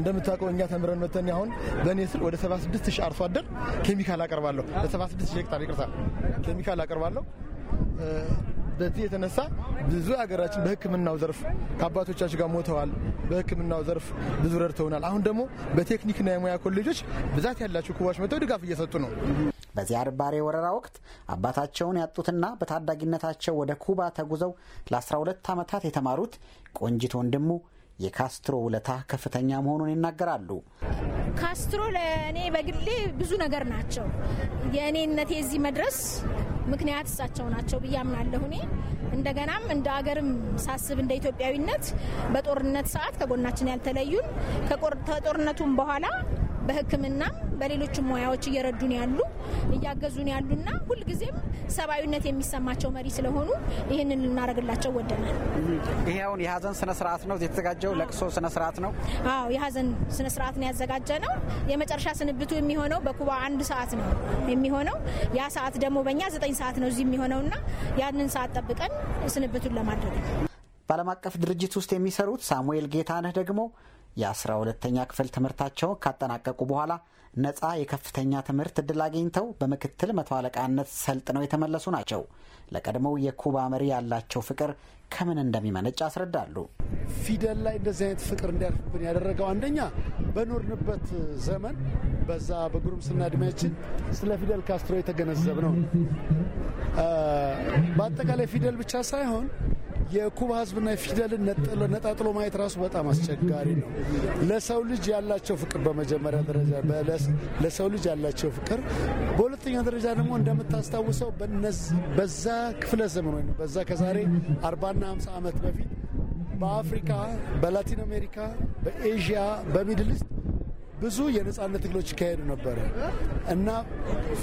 እንደምታውቀው እኛ ተምረን መተን አሁን በእኔ ስር ወደ 76 ሺህ አርሶ አደር ኬሚካል አቀርባለሁ። ለ76 ሄክታር ይቅርታ፣ ኬሚካል አቀርባለሁ። በዚህ የተነሳ ብዙ ሀገራችን በሕክምናው ዘርፍ ከአባቶቻችን ጋር ሞተዋል። በሕክምናው ዘርፍ ብዙ ረድተውናል። አሁን ደግሞ በቴክኒክና የሙያ ኮሌጆች ብዛት ያላቸው ኩባዎች መጥተው ድጋፍ እየሰጡ ነው። በዚህ አርባሬ ወረራ ወቅት አባታቸውን ያጡትና በታዳጊነታቸው ወደ ኩባ ተጉዘው ለ12 ዓመታት የተማሩት ቆንጂት ወንድሙ የካስትሮ ውለታ ከፍተኛ መሆኑን ይናገራሉ። ካስትሮ ለእኔ በግሌ ብዙ ነገር ናቸው። የእኔነቴ እዚህ መድረስ ምክንያት እሳቸው ናቸው ብዬ አምናለሁ። እኔ እንደገናም እንደ አገርም ሳስብ እንደ ኢትዮጵያዊነት በጦርነት ሰዓት ከጎናችን ያልተለዩን ከጦርነቱም በኋላ በህክምና በሌሎች ሙያዎች እየረዱን ያሉ እያገዙን ያሉና ሁልጊዜም ሰብአዊነት የሚሰማቸው መሪ ስለሆኑ ይህንን ልናደርግላቸው ወደናል። ይሄ አሁን የሀዘን ስነስርዓት ነው የተዘጋጀው፣ ለቅሶ ስነስርዓት ነው። አዎ የሀዘን ስነስርዓት ነው ያዘጋጀ ነው። የመጨረሻ ስንብቱ የሚሆነው በኩባ አንድ ሰዓት ነው የሚሆነው። ያ ሰዓት ደግሞ በእኛ ዘጠኝ ሰዓት ነው እዚህ የሚሆነውና ያንን ሰዓት ጠብቀን ስንብቱን ለማድረግ ነው። በዓለም አቀፍ ድርጅት ውስጥ የሚሰሩት ሳሙኤል ጌታነህ ደግሞ የአስራ ሁለተኛ ክፍል ትምህርታቸውን ካጠናቀቁ በኋላ ነፃ የከፍተኛ ትምህርት ዕድል አግኝተው በምክትል መቶ አለቃነት ሰልጥነው የተመለሱ ናቸው። ለቀድሞው የኩባ መሪ ያላቸው ፍቅር ከምን እንደሚመነጭ ያስረዳሉ። ፊደል ላይ እንደዚህ አይነት ፍቅር እንዲያልፍብን ያደረገው አንደኛ በኖርንበት ዘመን በዛ በጉርምስና እድሜያችን ስለ ፊደል ካስትሮ የተገነዘብ ነው። በአጠቃላይ ፊደል ብቻ ሳይሆን የኩባ ህዝብና ፊደልን ነጣጥሎ ማየት ራሱ በጣም አስቸጋሪ ነው። ለሰው ልጅ ያላቸው ፍቅር በመጀመሪያ ደረጃ ለሰው ልጅ ያላቸው ፍቅር፣ በሁለተኛ ደረጃ ደግሞ እንደምታስታውሰው በዛ ክፍለ ዘመን ወይም በዛ ከዛሬ አርባና ሃምሳ ዓመት በፊት በአፍሪካ፣ በላቲን አሜሪካ፣ በኤዥያ፣ በሚድል ኢስት ብዙ የነጻነት ትግሎች ይካሄዱ ነበረ እና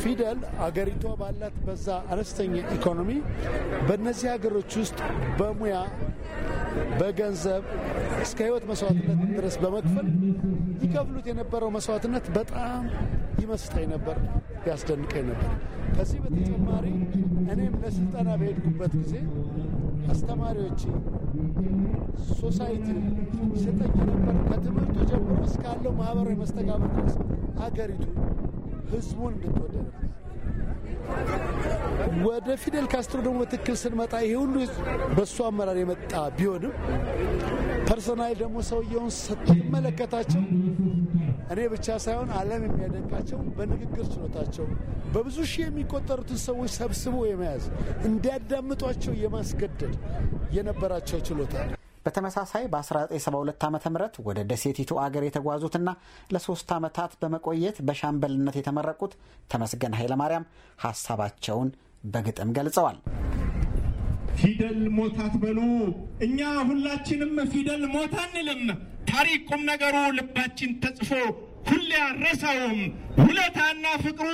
ፊደል አገሪቷ ባላት በዛ አነስተኛ ኢኮኖሚ በእነዚህ ሀገሮች ውስጥ በሙያ በገንዘብ እስከ ህይወት መስዋዕትነት ድረስ በመክፈል ይከፍሉት የነበረው መስዋዕትነት በጣም ይመስጠኝ ነበር፣ ያስደንቀኝ ነበር። ከዚህ በተጨማሪ እኔም ለስልጠና በሄድኩበት ጊዜ አስተማሪዎች ሶሳይቲ ይሰጠኝ ነበር ከትምህርቱ ጀምሮ እስካለው ማህበራዊ መስተጋብር ድረስ አገሪቱ ህዝቡን እንድትወደደ ወደ ፊደል ካስትሮ ደግሞ በትክክል ስንመጣ ይሄ ሁሉ በእሱ አመራር የመጣ ቢሆንም ፐርሰናል ደግሞ ሰውየውን ስትመለከታቸው እኔ ብቻ ሳይሆን ዓለም የሚያደንቃቸው በንግግር ችሎታቸው በብዙ ሺህ የሚቆጠሩትን ሰዎች ሰብስቦ የመያዝ እንዲያዳምጧቸው የማስገደድ የነበራቸው ችሎታ ነው። በተመሳሳይ በ1972 ዓ ም ወደ ደሴቲቱ አገር የተጓዙትና ለሶስት ዓመታት በመቆየት በሻምበልነት የተመረቁት ተመስገን ኃይለማርያም ሀሳባቸውን በግጥም ገልጸዋል። ፊደል ሞት አትበሉ። እኛ ሁላችንም ፊደል ሞታ አንልም። ታሪክ ቁም ነገሩ ልባችን ተጽፎ ሁሌ አረሳውም። ሁለታና ፍቅሩ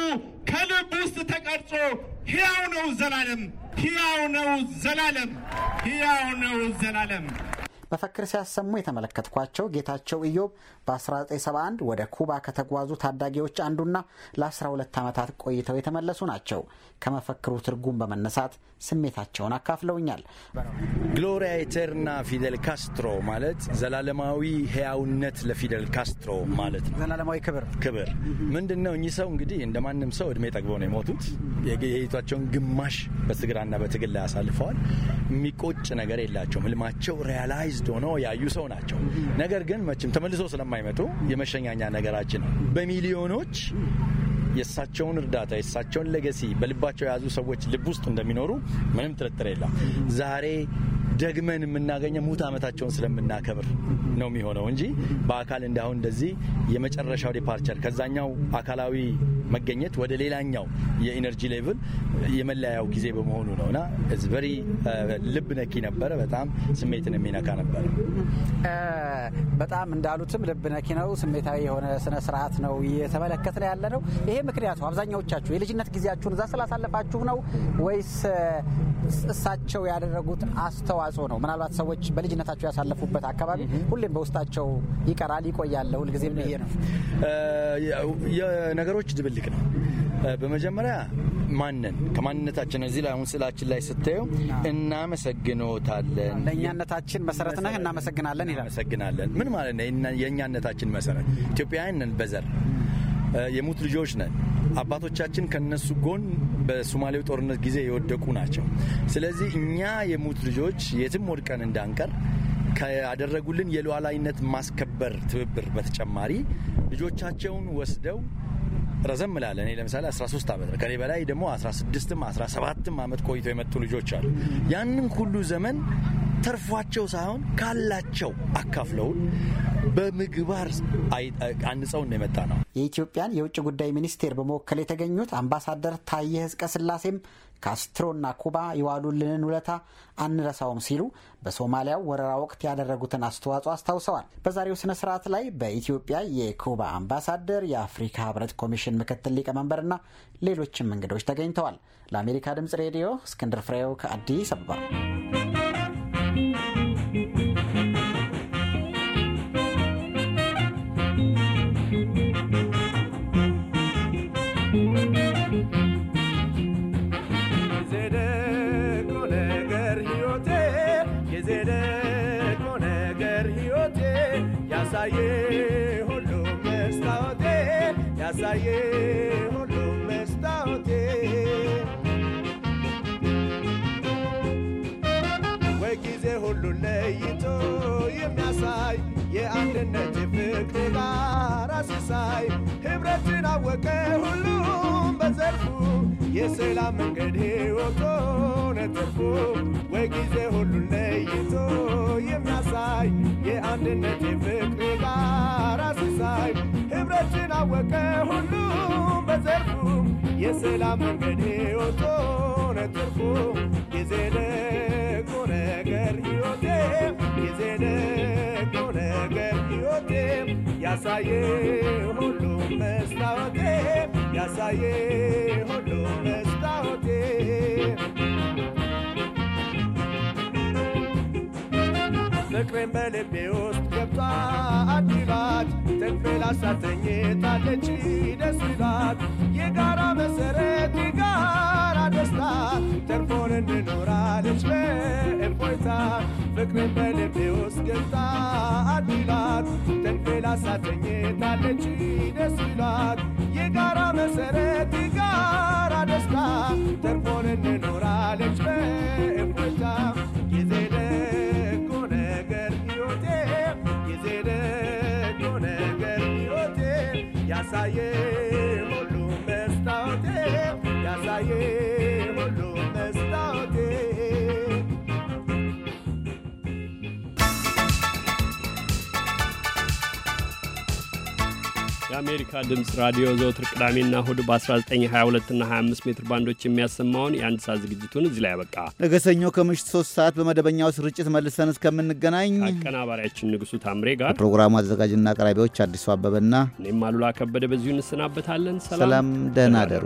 ከልብ ውስጥ ተቀርጾ ሕያው ነው ዘላለም፣ ሕያው ነው ዘላለም፣ ሕያው ነው ዘላለም። መፈክር ሲያሰሙ የተመለከትኳቸው ጌታቸው ኢዮብ በ1971 ወደ ኩባ ከተጓዙ ታዳጊዎች አንዱና ለ12 ዓመታት ቆይተው የተመለሱ ናቸው። ከመፈክሩ ትርጉም በመነሳት ስሜታቸውን አካፍለውኛል። ግሎሪያ ኤተርና ፊደል ካስትሮ ማለት ዘላለማዊ ህያውነት ለፊደል ካስትሮ ማለት ነው። ዘላለማዊ ክብር ክብር ምንድን ነው? እኚህ ሰው እንግዲህ እንደ ማንም ሰው እድሜ ጠግበው ነው የሞቱት። የህይወታቸውን ግማሽ በትግራና በትግል ላይ አሳልፈዋል። የሚቆጭ ነገር የላቸውም። ህልማቸው ሪያላይዝድ ሆነው ያዩ ሰው ናቸው። ነገር ግን መቼም ተመልሶ ስለማይመጡ የመሸኛኛ ነገራችን በሚሊዮኖች የእሳቸውን እርዳታ የእሳቸውን ለገሲ በልባቸው የያዙ ሰዎች ልብ ውስጥ እንደሚኖሩ ምንም ጥርጥር የለም። ዛሬ ደግመን የምናገኘው ሙት ዓመታቸውን ስለምናከብር ነው የሚሆነው እንጂ በአካል እንዳሁን እንደዚህ የመጨረሻው ዲፓርቸር ከዛኛው አካላዊ መገኘት ወደ ሌላኛው የኢነርጂ ሌቭል የመለያው ጊዜ በመሆኑ ነው እና ቨሪ uh, ልብ ነኪ ነበረ። በጣም ስሜትን የሚነካ ነበረ። uh, በጣም እንዳሉትም ልብ ነኪ ነው። ስሜታዊ የሆነ ስነ ስርዓት ነው እየተመለከት ነው ያለ ነው። ይሄ ምክንያቱ አብዛኛዎቻችሁ የልጅነት ጊዜያችሁን እዛ ስላሳለፋችሁ ነው ወይስ uh, እሳቸው ያደረጉት አስተዋጽኦ ነው? ምናልባት ሰዎች በልጅነታቸው ያሳለፉበት አካባቢ ሁሌም በውስጣቸው ይቀራል፣ ይቆያል፣ ሁልጊዜም ነው። ነገሮች ድብል ትልቅ ነው። በመጀመሪያ ማንን ከማንነታችን እዚህ ላይ አሁን ስላችን ላይ ስታየው እናመሰግኖታለን። ለእኛነታችን መሰረት ነህ እናመሰግናለን ይላል። እናመሰግናለን ምን ማለት ነው? የእኛነታችን መሰረት ኢትዮጵያውያን ነን፣ በዘር የሙት ልጆች ነን። አባቶቻችን ከነሱ ጎን በሶማሌው ጦርነት ጊዜ የወደቁ ናቸው። ስለዚህ እኛ የሙት ልጆች የትም ወድቀን እንዳንቀር ካደረጉልን የሉዓላዊነት ማስከበር ትብብር በተጨማሪ ልጆቻቸውን ወስደው ረዘም ላለ እኔ ለምሳሌ 13 ዓመት ከኔ በላይ ደግሞ 16ም 17ም ዓመት ቆይቶ የመጡ ልጆች አሉ። ያንን ሁሉ ዘመን ተርፏቸው ሳይሆን ካላቸው አካፍለውን በምግባር ነው የመጣ ነው። የኢትዮጵያን የውጭ ጉዳይ ሚኒስቴር በመወከል የተገኙት አምባሳደር ታዬ ህዝቀ ስላሴም ካስትሮና ኩባ የዋሉልንን ውለታ አንረሳውም ሲሉ በሶማሊያው ወረራ ወቅት ያደረጉትን አስተዋጽኦ አስታውሰዋል። በዛሬው ስነ ስርዓት ላይ በኢትዮጵያ የኩባ አምባሳደር፣ የአፍሪካ ህብረት ኮሚሽን ምክትል ሊቀመንበርና ሌሎችም እንግዶች ተገኝተዋል። ለአሜሪካ ድምጽ ሬዲዮ እስክንድር ፍሬው ከአዲስ አበባ ሁሉን ለይቶ የሚያሳይ የአንድነት ፍቅር ጋር ህብረትን አወቀ ሁሉም በዘርፉ የሰላም መንገድ ሕይወቶን ተርፎ ወይ ጊዜ ሁሉን ለይቶ የሚያሳይ የአንድነት ፍቅር ጋር ሲሳይ መንገዶችን አወቀ ሁሉም በዘርፉም የሰላም መንገድ ሕይወት ሆነ ትርፉ የዘለቁ ነገር ሕይወቴ የዘለቁ ነገር ሕይወቴ ያሳየ ሁሉም መስታወቴ ያሳየ ሁሉም መስታወቴ ፍቅሬን በልቤ አሳተኝታለች ደስ ይላት የጋራ መሰረት የጋራ ደስታ ተርፎን እንኖራለች በእፎይታ ፍቅርን በልቤ ውስጥ ገልጣ አዲላት ተንፌላ አሳተኝታለች ደስ ይላት የጋራ መሰረት የአሜሪካ ድምፅ ራዲዮ ዘወትር ቅዳሜና እሁድ በ1922 እና 25 ሜትር ባንዶች የሚያሰማውን የአንድ ሰዓት ዝግጅቱን እዚህ ላይ ያበቃ። ነገ ሰኞ ከምሽት 3 ሰዓት በመደበኛው ስርጭት መልሰን እስከምንገናኝ አቀናባሪያችን ንጉሱ ታምሬ ጋር ፕሮግራሙ አዘጋጅና አቅራቢዎች አዲሱ አበበና እኔም አሉላ ከበደ በዚሁ እንሰናበታለን። ሰላም፣ ደህና አደሩ።